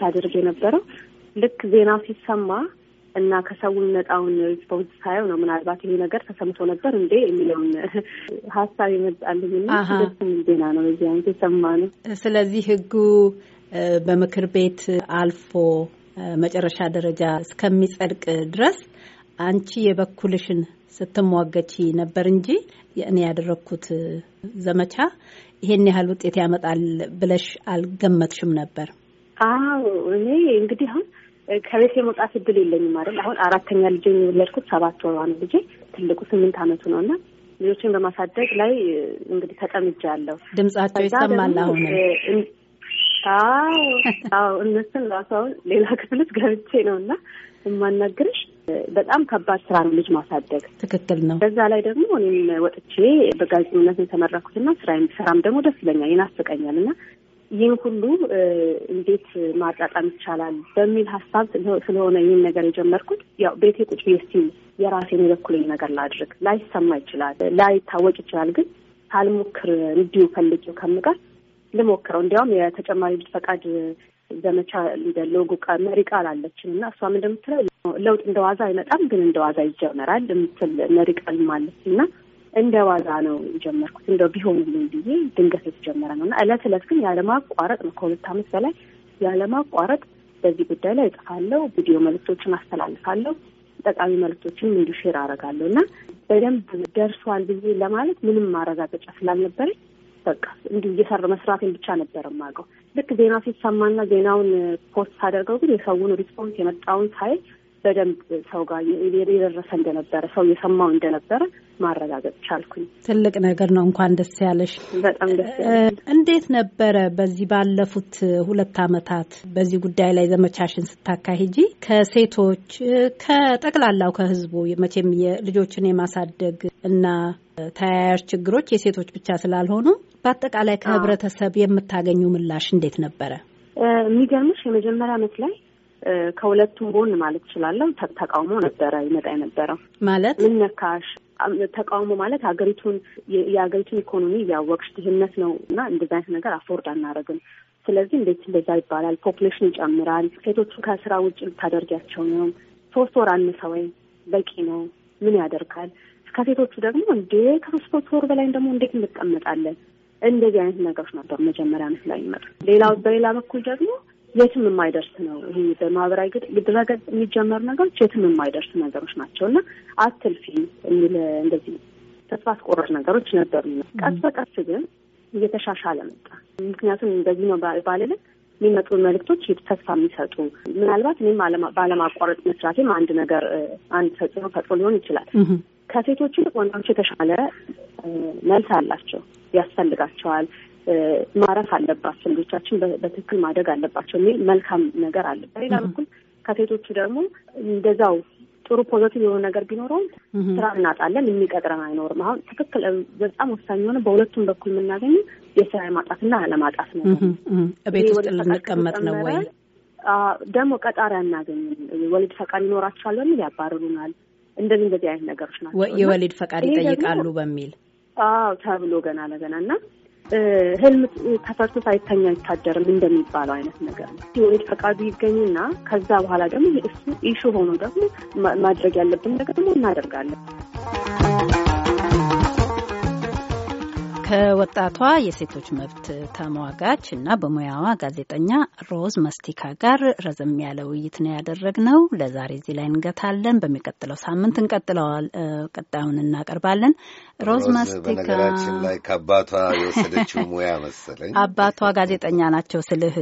ሳደርግ የነበረው ልክ ዜናው ሲሰማ እና ከሰው የሚመጣውን ሪስፖንስ ሳየው ነው ምናልባት ይሄ ነገር ተሰምቶ ነበር እንዴ የሚለውን *laughs* ሀሳብ የመጣልኝና ደስ የሚል ዜና ነው በዚህ አይነት የሰማ ነው። ስለዚህ ህጉ በምክር ቤት አልፎ መጨረሻ ደረጃ እስከሚጸድቅ ድረስ አንቺ የበኩልሽን ስትሟገች ነበር እንጂ እኔ ያደረግኩት ዘመቻ ይሄን ያህል ውጤት ያመጣል ብለሽ አልገመትሽም ነበር? አዎ እኔ እንግዲህ አሁን ከቤት የመውጣት እድል የለኝም አይደል። አሁን አራተኛ ልጅ የወለድኩት ሰባት ወሯ ነው። ልጄ ትልቁ ስምንት አመቱ ነው እና ልጆችን በማሳደግ ላይ እንግዲህ ተጠምጃ ተጠምጃለሁ። ድምጻቸው ይሰማል አሁን አዎ እነሱን ራሱ አሁን ሌላ ክፍልት ገብቼ ነው እና የማናግርሽ። በጣም ከባድ ስራ ነው ልጅ ማሳደግ። ትክክል ነው። በዛ ላይ ደግሞ እኔም ወጥቼ በጋዜጠኝነት የተመረኩትና ስራ የሚሰራም ደግሞ ደስ ይለኛል፣ ይናፍቀኛል እና ይህን ሁሉ እንዴት ማጣጣም ይቻላል በሚል ሀሳብ ስለሆነ ይህን ነገር የጀመርኩት ያው ቤቴ ቁጭ ብዬ የራሴን የበኩሌን ነገር ላድርግ። ላይሰማ ይችላል፣ ላይታወቅ ይችላል። ግን ሳልሞክር እንዲሁ ፈልጌው ከምቀር ልሞክረው። እንዲያውም የተጨማሪ ፈቃድ ዘመቻ እንደ ሎጎ መሪ ቃል አለችን እና እሷም እንደምትለው ለውጥ እንደ ዋዛ አይመጣም፣ ግን እንደ ዋዛ ይጀመራል የምትል መሪ ቃል ማለት እና እንደ ዋዛ ነው የጀመርኩት። እንደው ቢሆንልኝ ብዬ ድንገት የተጀመረ ነው እና እለት እለት ግን ያለማቋረጥ ነው ከሁለት አመት በላይ ያለማቋረጥ በዚህ ጉዳይ ላይ እጽፋለሁ፣ ቪዲዮ መልእክቶችን አስተላልፋለሁ፣ ጠቃሚ መልክቶችን እንዲ ሼር አረጋለሁ እና በደንብ ደርሷል ብዬ ለማለት ምንም ማረጋገጫ ስላልነበረኝ በቃ እንዲ እየሰራ መስራትን ብቻ ነበር የማውቀው። ልክ ዜና ሲሰማና ዜናውን ፖስት ሳደርገው ግን የሰውን ሪስፖንስ የመጣውን ሳይ በደንብ ሰው ጋር የደረሰ እንደነበረ ሰው የሰማው እንደነበረ ማረጋገጥ ቻልኩኝ። ትልቅ ነገር ነው። እንኳን ደስ ያለሽ። በጣም ደስ ያለሽ። እንዴት ነበረ በዚህ ባለፉት ሁለት አመታት በዚህ ጉዳይ ላይ ዘመቻሽን ስታካሂጂ ከሴቶች ከጠቅላላው ከህዝቡ መቼም ልጆችን የማሳደግ እና ተያያዥ ችግሮች የሴቶች ብቻ ስላልሆኑ በአጠቃላይ ከህብረተሰብ የምታገኙ ምላሽ እንዴት ነበረ? የሚገርምሽ የመጀመሪያ ዓመት ላይ ከሁለቱም ጎን ማለት እችላለሁ ተቃውሞ ነበረ ይመጣ የነበረው ማለት ምን ነካሽ ተቃውሞ ማለት ሀገሪቱን የሀገሪቱን ኢኮኖሚ እያወቅሽ ድህነት ነው እና እንደዚህ አይነት ነገር አፎርድ አናደርግም ስለዚህ እንዴት እንደዛ ይባላል ፖፕሌሽን ይጨምራል ሴቶቹ ከስራ ውጭ ልታደርጊያቸው ነው ሶስት ወር አነሰ ወይ በቂ ነው ምን ያደርጋል ከሴቶቹ ደግሞ እንዴ ከሶስት ወር በላይ ደግሞ እንዴት እንቀመጣለን እንደዚህ አይነት ነገሮች ነበር መጀመሪያ ላይ ይመጡ ሌላ በሌላ በኩል ደግሞ የትም የማይደርስ ነው። ይሄ በማህበራዊ ድረገጽ የሚጀመሩ ነገሮች የትም የማይደርስ ነገሮች ናቸው እና አትልፊ የሚል እንደዚህ ተስፋ አስቆራጭ ነገሮች ነበሩ። ቀስ በቀስ ግን እየተሻሻለ መጣ። ምክንያቱም እንደዚህ ነው ባልልም የሚመጡ መልእክቶች ተስፋ የሚሰጡ ምናልባት እኔም ባለማቋረጥ መስራቴም አንድ ነገር አንድ ተጽዕኖ ፈጥሮ ሊሆን ይችላል። ከሴቶች ወንዶች የተሻለ መልስ አላቸው፣ ያስፈልጋቸዋል ማረፍ አለባቸው፣ ልጆቻችን በትክክል ማደግ አለባቸው የሚል መልካም ነገር አለ። በሌላ በኩል ከሴቶቹ ደግሞ እንደዛው ጥሩ ፖዘቲቭ የሆነ ነገር ቢኖረውም ስራ እናጣለን፣ የሚቀጥረን አይኖርም። አሁን ትክክል በጣም ወሳኝ የሆነ በሁለቱም በኩል የምናገኘው የስራ የማጣትና አለማጣት ነው። ቤት ውስጥ ልንቀመጥ ነው ወይ ደግሞ ቀጣሪ አናገኝም። የወሊድ ፈቃድ ይኖራቸዋል በሚል ያባርሩናል። እንደዚህ እንደዚህ አይነት ነገሮች ናቸው የወሊድ ፈቃድ ይጠይቃሉ በሚል አዎ ተብሎ ገና ለገና እና ህልም ተፈርቶ ሳይተኛ አይታደርም እንደሚባለው አይነት ነገር ነው። የወሊድ ፈቃዱ ይገኝና ከዛ በኋላ ደግሞ እሱ ኢሹ ሆኖ ደግሞ ማድረግ ያለብን ነገር ደግሞ እናደርጋለን። ከወጣቷ የሴቶች መብት ተሟጋች እና በሙያዋ ጋዜጠኛ ሮዝ መስቲካ ጋር ረዘም ያለ ውይይት ነው ያደረግነው። ለዛሬ እዚህ ላይ እንገታለን። በሚቀጥለው ሳምንት እንቀጥለዋል። ቀጣዩን እናቀርባለን። ሮዝ መስቲካ በነገራችን ላይ ከአባቷ የወሰደችው ሙያ መሰለኝ። አባቷ ጋዜጠኛ ናቸው ስልህ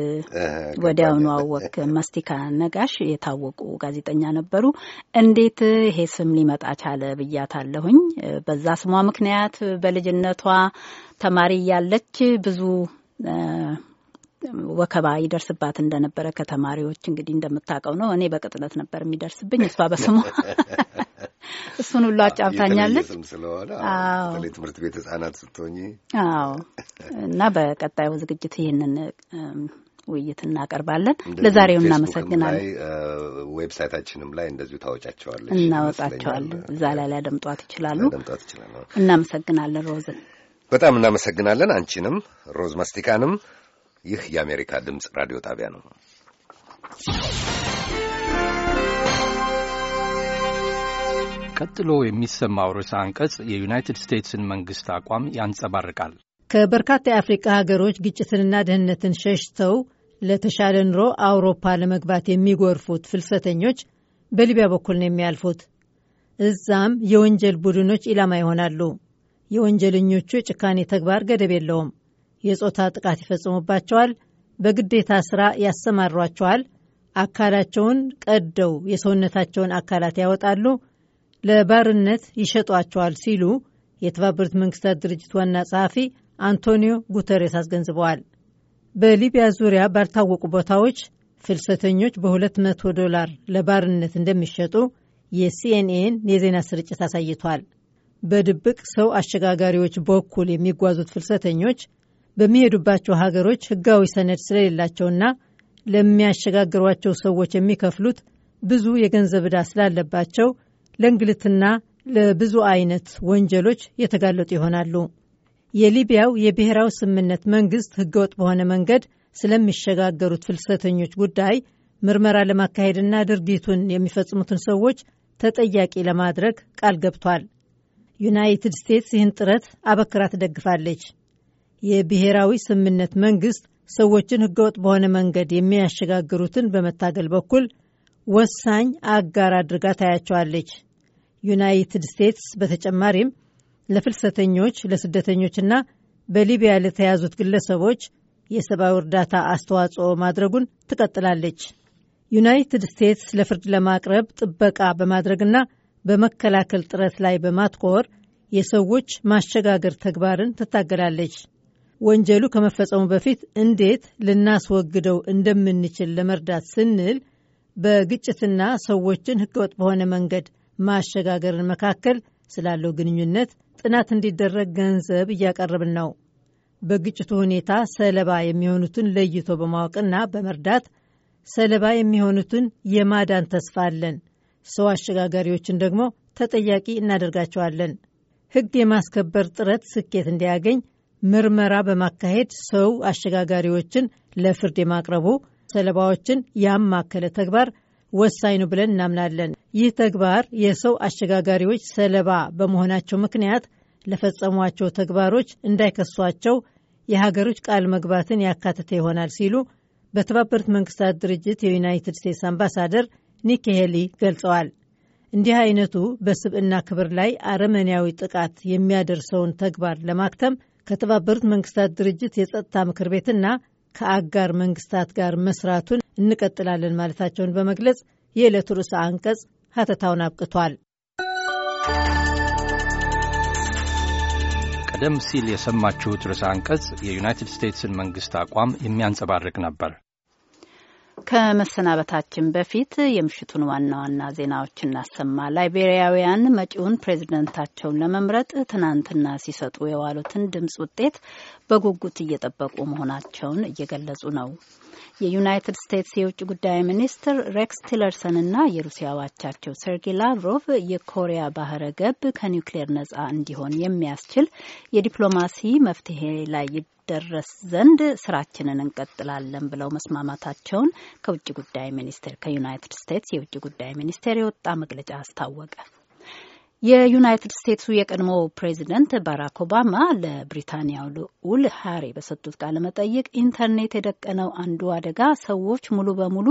ወዲያውኑ አወቅ። መስቲካ ነጋሽ የታወቁ ጋዜጠኛ ነበሩ። እንዴት ይሄ ስም ሊመጣ ቻለ ብያታለሁኝ። በዛ ስሟ ምክንያት በልጅነቷ ተማሪ እያለች ብዙ ወከባ ይደርስባት እንደነበረ ከተማሪዎች እንግዲህ እንደምታውቀው ነው። እኔ በቅጥነት ነበር የሚደርስብኝ፣ እሷ በስሙ *laughs* እሱን ሁሉ አጫብታኛለች። ትምህርት ቤት ህጻናት ስትሆኝ። አዎ። እና በቀጣዩ ዝግጅት ይህንን ውይይት እናቀርባለን። ለዛሬው እናመሰግናለን። ዌብሳይታችንም ላይ እንደዚሁ ታወጫቸዋለች፣ እናወጣቸዋለን። እዛ ላይ ሊያደምጧት ይችላሉ። እናመሰግናለን ሮዝን። በጣም እናመሰግናለን አንቺንም ሮዝ መስቲካንም። ይህ የአሜሪካ ድምፅ ራዲዮ ጣቢያ ነው። ቀጥሎ የሚሰማው ርዕሰ አንቀጽ የዩናይትድ ስቴትስን መንግሥት አቋም ያንጸባርቃል። ከበርካታ የአፍሪቃ ሀገሮች ግጭትንና ድህነትን ሸሽተው ለተሻለ ኑሮ አውሮፓ ለመግባት የሚጎርፉት ፍልሰተኞች በሊቢያ በኩል ነው የሚያልፉት። እዛም የወንጀል ቡድኖች ኢላማ ይሆናሉ። የወንጀለኞቹ የጭካኔ ተግባር ገደብ የለውም። የጾታ ጥቃት ይፈጽሙባቸዋል፣ በግዴታ ስራ ያሰማሯቸዋል፣ አካላቸውን ቀደው የሰውነታቸውን አካላት ያወጣሉ፣ ለባርነት ይሸጧቸዋል ሲሉ የተባበሩት መንግስታት ድርጅት ዋና ጸሐፊ አንቶኒዮ ጉተሬስ አስገንዝበዋል። በሊቢያ ዙሪያ ባልታወቁ ቦታዎች ፍልሰተኞች በ200 ዶላር ለባርነት እንደሚሸጡ የሲኤንኤን የዜና ስርጭት አሳይቷል። በድብቅ ሰው አሸጋጋሪዎች በኩል የሚጓዙት ፍልሰተኞች በሚሄዱባቸው ሀገሮች ሕጋዊ ሰነድ ስለሌላቸውና ለሚያሸጋግሯቸው ሰዎች የሚከፍሉት ብዙ የገንዘብ ዕዳ ስላለባቸው ለእንግልትና ለብዙ አይነት ወንጀሎች የተጋለጡ ይሆናሉ። የሊቢያው የብሔራዊ ስምምነት መንግስት ህገወጥ በሆነ መንገድ ስለሚሸጋገሩት ፍልሰተኞች ጉዳይ ምርመራ ለማካሄድና ድርጊቱን የሚፈጽሙትን ሰዎች ተጠያቂ ለማድረግ ቃል ገብቷል። ዩናይትድ ስቴትስ ይህን ጥረት አበክራ ትደግፋለች። የብሔራዊ ስምምነት መንግስት ሰዎችን ህገወጥ በሆነ መንገድ የሚያሸጋግሩትን በመታገል በኩል ወሳኝ አጋር አድርጋ ታያቸዋለች። ዩናይትድ ስቴትስ በተጨማሪም ለፍልሰተኞች፣ ለስደተኞችና በሊቢያ ለተያዙት ግለሰቦች የሰብአዊ እርዳታ አስተዋጽኦ ማድረጉን ትቀጥላለች። ዩናይትድ ስቴትስ ለፍርድ ለማቅረብ ጥበቃ በማድረግና በመከላከል ጥረት ላይ በማትኮር የሰዎች ማሸጋገር ተግባርን ትታገላለች። ወንጀሉ ከመፈጸሙ በፊት እንዴት ልናስወግደው እንደምንችል ለመርዳት ስንል በግጭትና ሰዎችን ሕገወጥ በሆነ መንገድ ማሸጋገርን መካከል ስላለው ግንኙነት ጥናት እንዲደረግ ገንዘብ እያቀረብን ነው። በግጭቱ ሁኔታ ሰለባ የሚሆኑትን ለይቶ በማወቅና በመርዳት ሰለባ የሚሆኑትን የማዳን ተስፋ አለን። ሰው አሸጋጋሪዎችን ደግሞ ተጠያቂ እናደርጋቸዋለን። ሕግ የማስከበር ጥረት ስኬት እንዲያገኝ ምርመራ በማካሄድ ሰው አሸጋጋሪዎችን ለፍርድ የማቅረቡ ሰለባዎችን ያማከለ ተግባር ወሳኝ ነው ብለን እናምናለን። ይህ ተግባር የሰው አሸጋጋሪዎች ሰለባ በመሆናቸው ምክንያት ለፈጸሟቸው ተግባሮች እንዳይከሷቸው የሀገሮች ቃል መግባትን ያካተተ ይሆናል ሲሉ በተባበሩት መንግስታት ድርጅት የዩናይትድ ስቴትስ አምባሳደር ኒኪ ሄሊ ገልጸዋል። እንዲህ አይነቱ በስብዕና ክብር ላይ አረመኔያዊ ጥቃት የሚያደርሰውን ተግባር ለማክተም ከተባበሩት መንግስታት ድርጅት የጸጥታ ምክር ቤትና ከአጋር መንግስታት ጋር መስራቱን እንቀጥላለን ማለታቸውን በመግለጽ የዕለቱ ርዕሰ አንቀጽ ሀተታውን አብቅቷል። ቀደም ሲል የሰማችሁት ርዕሰ አንቀጽ የዩናይትድ ስቴትስን መንግስት አቋም የሚያንጸባርቅ ነበር። ከመሰናበታችን በፊት የምሽቱን ዋና ዋና ዜናዎች እናሰማ። ላይቤሪያውያን መጪውን ፕሬዚደንታቸውን ለመምረጥ ትናንትና ሲሰጡ የዋሉትን ድምፅ ውጤት በጉጉት እየጠበቁ መሆናቸውን እየገለጹ ነው። የዩናይትድ ስቴትስ የውጭ ጉዳይ ሚኒስትር ሬክስ ቲለርሰንና የሩሲያ ዋቻቸው ሰርጌይ ላቭሮቭ የኮሪያ ባህረ ገብ ከኒውክሌር ነጻ እንዲሆን የሚያስችል የዲፕሎማሲ መፍትሄ ላይ ይደረስ ዘንድ ስራችንን እንቀጥላለን ብለው መስማማታቸውን ከውጭ ጉዳይ ሚኒስቴር ከዩናይትድ ስቴትስ የውጭ ጉዳይ ሚኒስቴር የወጣ መግለጫ አስታወቀ። የዩናይትድ ስቴትሱ የቀድሞ ፕሬዚደንት ባራክ ኦባማ ለብሪታንያው ልዑል ሃሪ በሰጡት ቃለ መጠይቅ ኢንተርኔት የደቀነው አንዱ አደጋ ሰዎች ሙሉ በሙሉ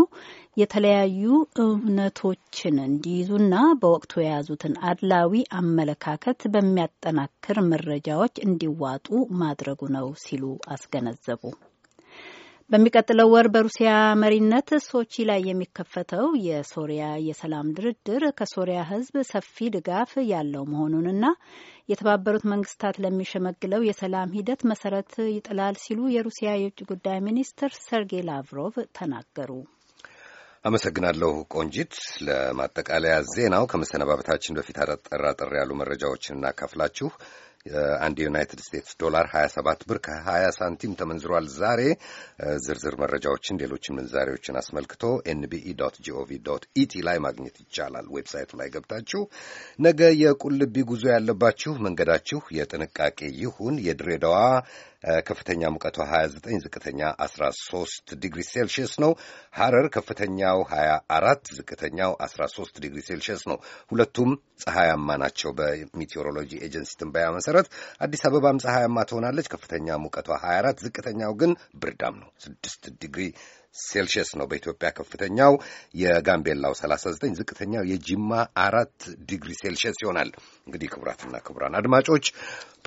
የተለያዩ እውነቶችን እንዲይዙና በወቅቱ የያዙትን አድላዊ አመለካከት በሚያጠናክር መረጃዎች እንዲዋጡ ማድረጉ ነው ሲሉ አስገነዘቡ። በሚቀጥለው ወር በሩሲያ መሪነት ሶቺ ላይ የሚከፈተው የሶሪያ የሰላም ድርድር ከሶሪያ ሕዝብ ሰፊ ድጋፍ ያለው መሆኑንና የተባበሩት መንግስታት ለሚሸመግለው የሰላም ሂደት መሰረት ይጥላል ሲሉ የሩሲያ የውጭ ጉዳይ ሚኒስትር ሰርጌይ ላቭሮቭ ተናገሩ። አመሰግናለሁ ቆንጂት። ለማጠቃለያ ዜናው ከመሰነባበታችን በፊት አጠራጠር ያሉ መረጃዎችን እናካፍላችሁ። አንድ የዩናይትድ ስቴትስ ዶላር 27 ብር ከ20 ሳንቲም ተመንዝሯል። ዛሬ ዝርዝር መረጃዎችን ሌሎችም ምንዛሬዎችን አስመልክቶ ኤንቢኢ ጂኦቪ ኢቲ ላይ ማግኘት ይቻላል። ዌብሳይቱ ላይ ገብታችሁ ነገ የቁልቢ ጉዞ ያለባችሁ መንገዳችሁ የጥንቃቄ ይሁን። የድሬዳዋ ከፍተኛ ሙቀቷ 29፣ ዝቅተኛ 13 ዲግሪ ሴልሽየስ ነው። ሐረር ከፍተኛው 24፣ ዝቅተኛው 13 ዲግሪ ሴልሽየስ ነው። ሁለቱም ፀሐያማ ናቸው። በሚቴዎሮሎጂ ኤጀንሲ ትንበያ መሰረት አዲስ አበባም ፀሐያማ ትሆናለች። ከፍተኛ ሙቀቷ 24፣ ዝቅተኛው ግን ብርዳም ነው 6 ዲግሪ ሴልሺየስ ነው በኢትዮጵያ ከፍተኛው የጋምቤላው 39 ዝቅተኛው የጂማ አራት ዲግሪ ሴልሺየስ ይሆናል። እንግዲህ ክቡራትና ክቡራን አድማጮች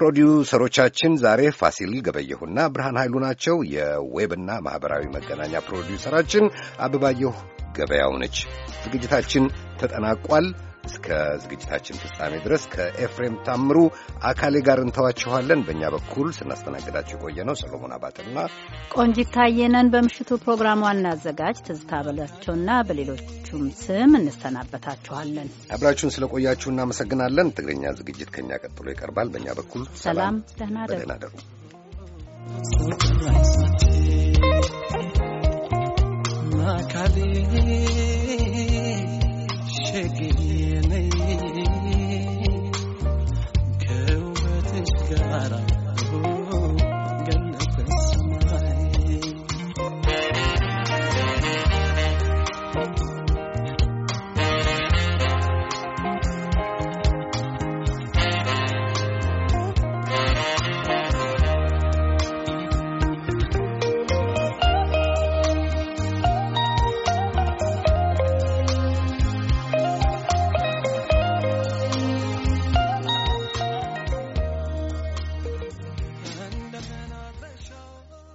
ፕሮዲውሰሮቻችን ዛሬ ፋሲል ገበየሁና ብርሃን ኃይሉ ናቸው። የዌብና ማህበራዊ መገናኛ ፕሮዲውሰራችን አበባየሁ ገበያው ነች። ዝግጅታችን ተጠናቋል። እስከ ዝግጅታችን ፍጻሜ ድረስ ከኤፍሬም ታምሩ አካሌ ጋር እንተዋችኋለን። በእኛ በኩል ስናስተናግዳችሁ የቆየ ነው ሰሎሞን አባትና ቆንጂት ታየነን። በምሽቱ ፕሮግራም ዋና አዘጋጅ ትዝታ በላቸውና በሌሎቹም ስም እንሰናበታችኋለን። አብራችሁን ቆያችሁ እናመሰግናለን። ትግርኛ ዝግጅት ከእኛ ቀጥሎ ይቀርባል። በእኛ በኩል ሰላም፣ ደህና ደሩ። I can't Gotta.